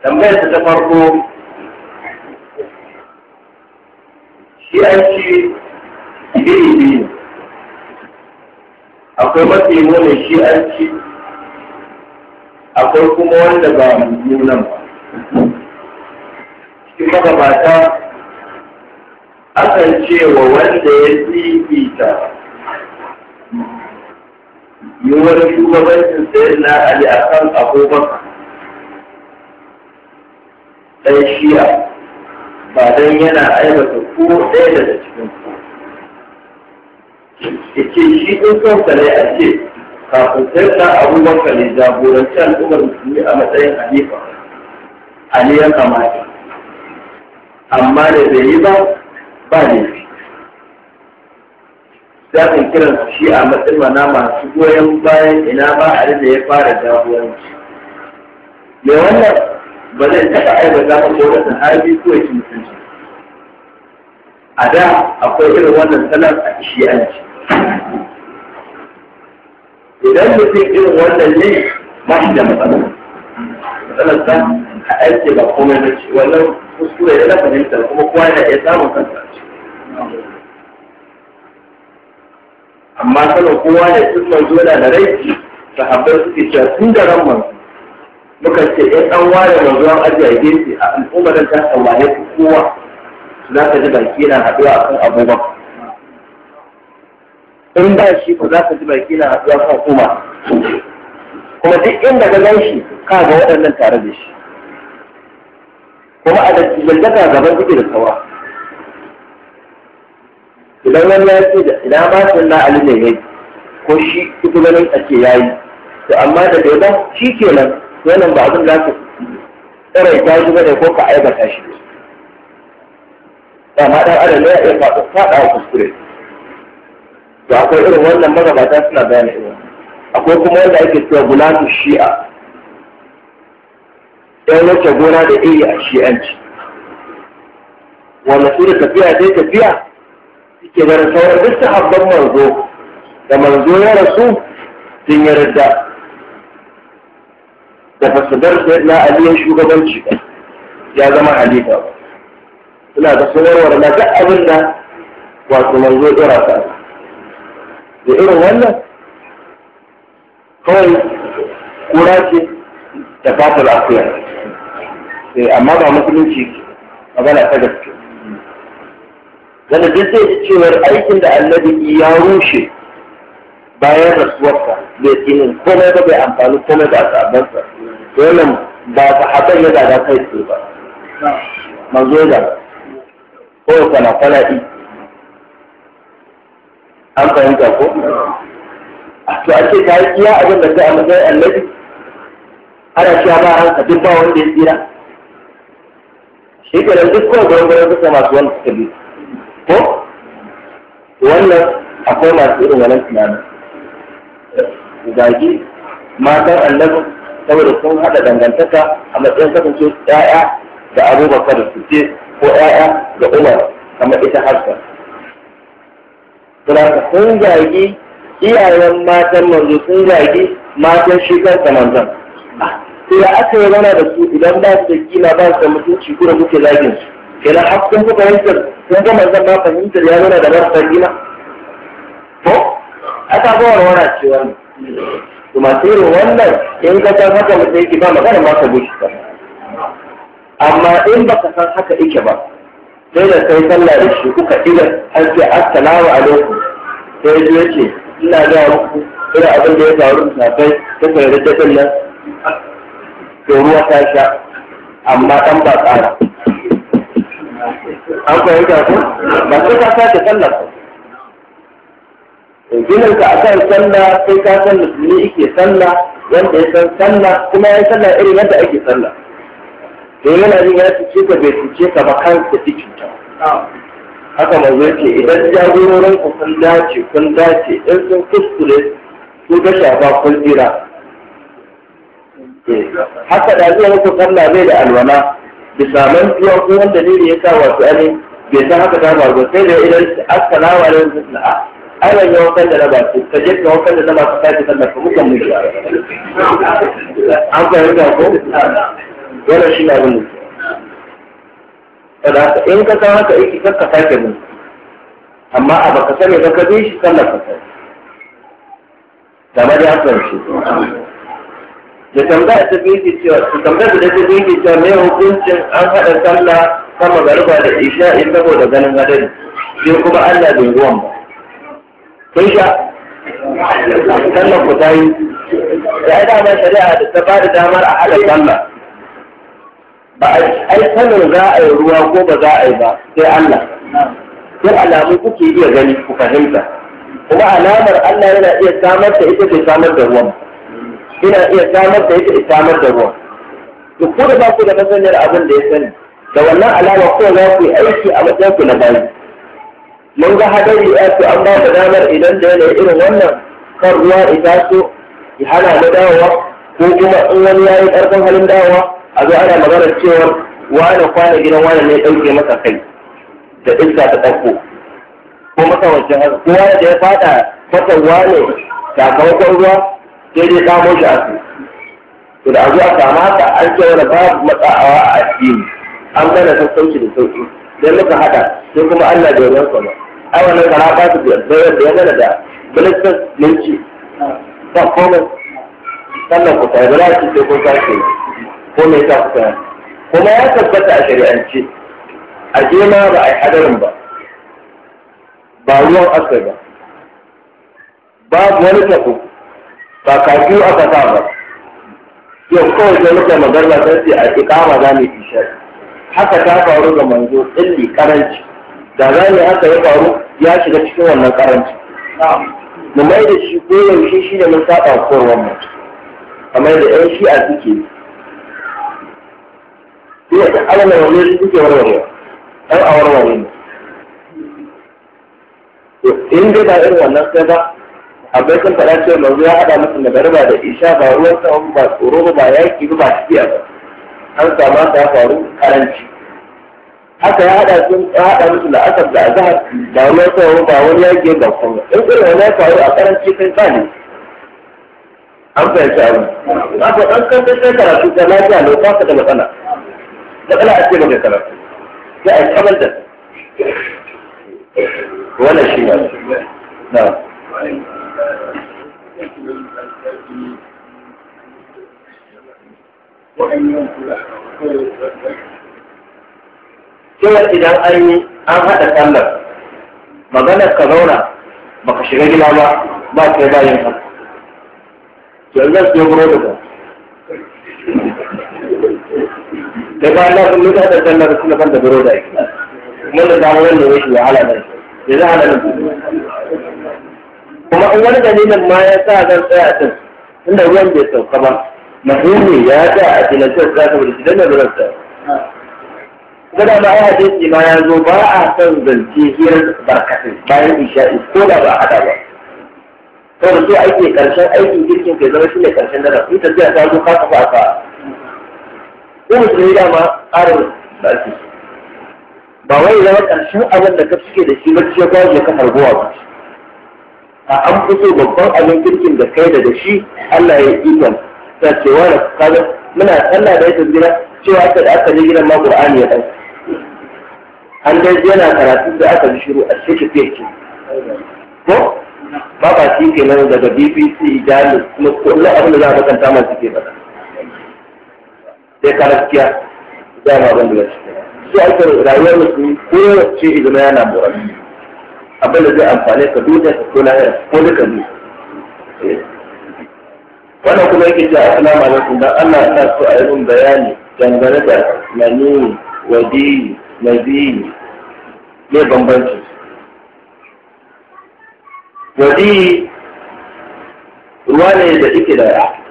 tambayar ta farko shi an ci iri biyu akwai mafi nuna shi an ci akwai kuma wanda ba nunan ba cikin magabata akan cewa wanda ya fi ita wani shugabancin sayar na ali a kan abubakar ɗan shi'a ba don yana aibata ko ɗaya daga cikin ku yake shi ɗin kansa ne a ce kafin sayar na abubakar ne jagoranci al'ummar musulmi a matsayin halifa ali ya kamata amma da bai yi ba ba ne za ka kiran su shi a matsayin mana masu goyon bayan ina ba a da ya fara jagoranci mai wannan ba zai taɓa aibata masa wani sahabi ko ya ci mutunci a da akwai irin wannan salar a shi'anci idan mutum irin wannan ne ba shi da matsala matsalar ta a aiki ba komai ba ce wannan kuskure ya na fahimtar kuma kowa ya iya samun kansa a ciki amma sanin kowa ne sun manzo na da rai sahabbai su cewa tun da ran manzo muka ce eh, ɗan ɗan ware manzo an ajiye a gefe a al'ummar ta tsawaye kowa su za ka ji baki na haɗuwa a kan abubakar in ba shi ko za ka ji baki na haɗuwa kan kuma kuma duk inda ka gan shi ka ga waɗannan tare da shi kuma a da daga gaban suke da tsawa idan wani ya ce idan ba su na ali ne ne ko shi kuka ganin a ce yi, to amma da bai ba shi kenan wannan ba abin za ka tsare ta shi bane ko ka aibata shi ba ma dan adam ne ya iya faɗa a kuskure to akwai irin wannan magabata suna bayani irin akwai kuma wanda ake cewa gulatu shi'a yan wacce gona da iri a shi'anci wannan su da tafiya dai tafiya suke da sauran duk sahabban manzo da manzo ya rasu sun yarda da fasadar da na aliyan shugabanci ya zama halifa suna da sanarwar na duk abin da wato manzo ya ta da irin wannan kawai kura ce da fatar akuya eh, amma ba musulunci magana ta gaske sannan duk zai ji cewar aikin da annabi ya rushe bayan rasuwarsa da tsinin komai ba bai amfani komai ba a abansa wannan ba sahaban ya zaga kai su ba manzo da ko kwana kwana ɗi an fahimta ko to a ce ta yi iya abin da sai a annabi ana cewa ba ranka duk ba wanda ya tsira shi kenan duk kawai gwangwaran kusa masu wani suka biyu ko wannan akwai masu irin wannan tunanin zagi matan annabi saboda sun haɗa dangantaka a matsayin kasance ya'ya da abubakar su ce ko ya'ya da umar kamar ita harka ka sun zagi iyayen matan manzo sun zagi matan shekar kansa manzon sai aka yi mana da su idan ba su da kima ba su da mutunci kuma muke zagin su kila har kun ga fahimtar kun ga manzon ma fahimtar ya zauna da mara fahima to aka ga warwara ce wannan to masu irin wannan in ka san haka mutum yake ba magana ma ka gushi ba amma in ba ka san haka yake ba sai da sai sallah da shi kuka idan an ce assalamu alaikum sai ya ce ina ga muku irin abin da ya faru da kai ta sanar da nan to ruwa ta sha amma dan ba tsara an fahimta ko ba sai ka sake sallah ku. Eh, ginin ka akan sallah sai ka san musulmi yake sallah wanda ya san sallah kuma ya sallah irin yadda ake sallah to yana jin ya cuce ka bai cuce ka ba kansa ki cuta haka zai yake idan jagororin ku kun dace kun dace in sun kuskure sun ga shafa kun jira eh, haka da zai muku sallah bai da alwala bisa mantuwa ko wanda ne ya sa wasu ainihin bai san haka ta faru sai da idan assalamu alaikum na a ai ban yi wankan da na ba su ka je ka da na ba su kai ka sallar ka mukan mu an fahimta ko wannan shi na abin da haka in ka san haka iki kan ka sake mu amma a baka sani ba ka bi shi sallar ka sai game da hakan shi da tambaya ta biyu ke cewa da tambaya da ta biyu ke cewa me hukuncin an haɗa sallah sama garba da isha'i saboda ganin hadari shi kuma Allah bai ruwan ba kun sha sallar ku ta yi da ya dama shari'a da ta bada damar a haɗa sallah ba a ai sanin za a yi ruwa ko ba za a yi ba sai Allah ko alamu kuke iya gani ku fahimta kuma alamar Allah yana iya samar da ita bai samar da ruwan ba ina iya samar da ita samar da ruwa duk ko da ba ku da masaniyar abin da ya sani da wannan alama ko za ku yi aiki a matsayin ku na bayi mun ga hadari a ce an ba da damar idan da yanayi irin wannan kan ruwa ya taso ya hana mu dawowa ko kuma in wani ya yi ƙarfin halin dawowa a zo ana maganar cewar wani kwana gidan wani ne ɗauke masa kai da iska ta ɗauko ko makawancin haka kowa da ya faɗa fasa wani sakamakon ruwa sai dai samo shi a da azuwa haka an ce wani babu matsawa a addini an sassauci da sai muka sai kuma Allah wannan ba su da da ya da minci sannan ku tare ko mai ku kuma ya tabbata a shari'ance ba ka biyu aka sa ba yau kawai sai muka magana sai sai a ikama za mu tishar haka ta faru ga manzo tsilli karanci da za mu haka ya faru ya shiga cikin wannan karanci mu mai da shi ko yaushe shi ne mun saba korwar mu kamar da yan a suke sai da alamar wani su suke warware ɗan a warware ne in dai ba irin wannan sai ba abai kan fara cewa manzo ya haɗa musu da garba da isha ba ruwan sa ba tsoro ba yaƙi ba ba tafiya ba an samu ta faru karanci haka ya haɗa sun hada musu la'asar da azhar da ruwan sa ba wani yaƙi ba kuma in irin wani ya faru a karanci kai ne. an fahimci abu na ko dan kan sai karatu ta lafiya ne ba da matsala matsala a ce maka karatu sai a kamar da wannan shi ne na Cewar idan an yi an haɗa sallar, maganar ka zauna baka shiga gida ba ba kai ba yin haka. Yanzu zan siyo da ba. Da ba na sun ta da sallar suna ban da burodi a gida. Mun da dawo yadda ya shi wahala ne. ya hana nan. kuma in wani dalilin ma ya sa zan tsaya din inda ruwan bai sauka ba muhimmi ya sa a tilantar za ta wuce dan ruwan sa kuma da ba ya hadisi ma ya zo ba a son zance hirar barkatin bayan isha'i ko da ba a hada ba kawai so ake karshen aikin girkin kai zama shi ne karshen dara in tafiya ta zo kasa ba ka ko mutum ya dama ƙarin baki. ba wai zama karshen abin da ka suke da shi ba ce ya kwaje ka harbuwa ba a an fito babban abin kirkin da kai da shi Allah ya ikon ta ce wani kaza muna sallah da ya tabbira cewa aka da aka je ma Qur'ani ya dauka an dai yana karatu da aka ji shiru a cikin fiye ko ba ba shi nan daga BBC Jami kuma kullum abin da za a bakanta masu ke faɗa sai karaskiya ma abin da ya ce su aka rayuwar musulmi ko ce izina yana morali abin zai amfane ka duniya ka ko lahira ko duka ne eh. wannan kuma yake cewa assalamu alaikum dan Allah ya so a yi min bayani dangane da mani wadi nabi ne bambanci wadi ruwa ne da yake da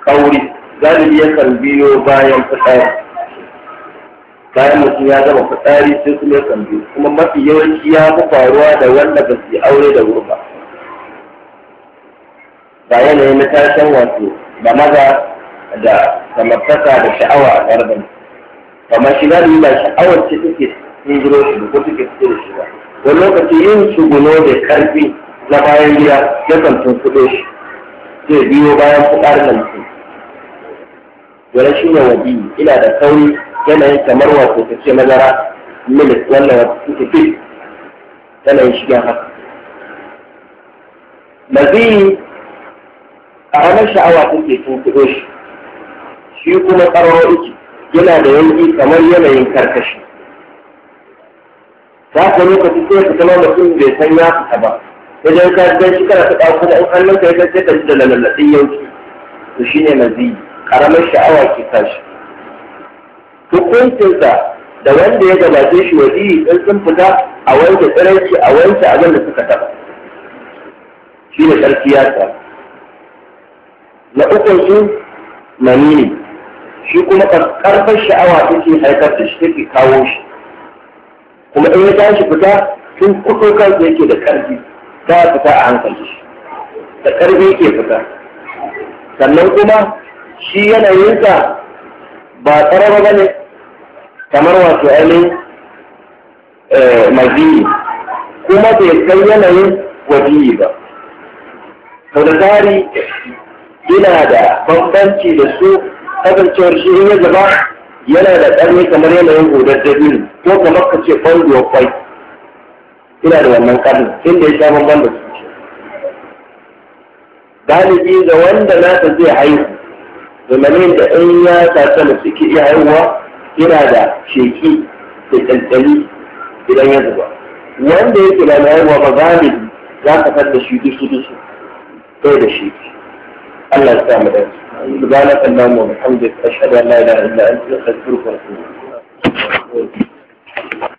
kauri galibi yakan biyo bayan fitsari bayan mutum ya zama fitsari sai su ne biyu kuma mafi yawanci ya fi faruwa da wanda ba su aure da wuri ba ba yanayin na tashin wato ba maza da samartaka da sha'awa a ƙarfin ma shiga da ba sha'awar ce take tsingiro shi ko take fito da shi ba wani lokaci yin shugulo da karfi na bayan gida ya kan kudo shi zai biyo bayan fitsarin nan wani shi ne wadi ina da sauri yanayin kamar wato ta ce madara milik wannan wato ta fi yanayin shigen haka maziyi a ranar sha'awa take tuntuɗo shi shi kuma ƙararwa iki yana da yanki kamar yanayin karkashi za ka lokaci sai ka zama mutum bai san ya fita ba wajen ka gan shi kana ta ɗauka, da in hannunka ya kasance ka ji da lalalatsin yanki to ne maziyi karamar sha'awa ke tashi hukuncinsa da wanda ya gabace shi ɗiyi in sun fita a wanke tsiranci a wanke abin da suka taɓa shi ne ƙarfi ya sa na ukun su manini shi kuma ƙarfar sha'awa take haifar da shi take kawo shi kuma in ya tashi fita tun kuɗin kansa yake da ƙarfi ta fita a hankali da ƙarfi yake fita sannan kuma shi yanayinsa ba tsaraba ba ne kamar wato ainihin eh, maziyi kuma bai kai yanayin wajiyi ba sau da tsari yana da bambanci da su kasancewar shi in ya zama yana da tsarni kamar yanayin godar dabino ko kamar ka ce ƙwanguwa kwai ina da wannan ƙarni inda ya sha bambam da su galibi ga wanda nasa zai haihu domin da in ya sata da suke iya haihuwa yana da sheki da ƙanƙani idan ya zuba wanda yake da haihuwa ba galibi za ka fadda shi dusu dusu sai da sheki Allah ya sa mu dace سبحانك اللهم وبحمدك أشهد أن لا إله إلا أنت أستغفرك وأتوب إليك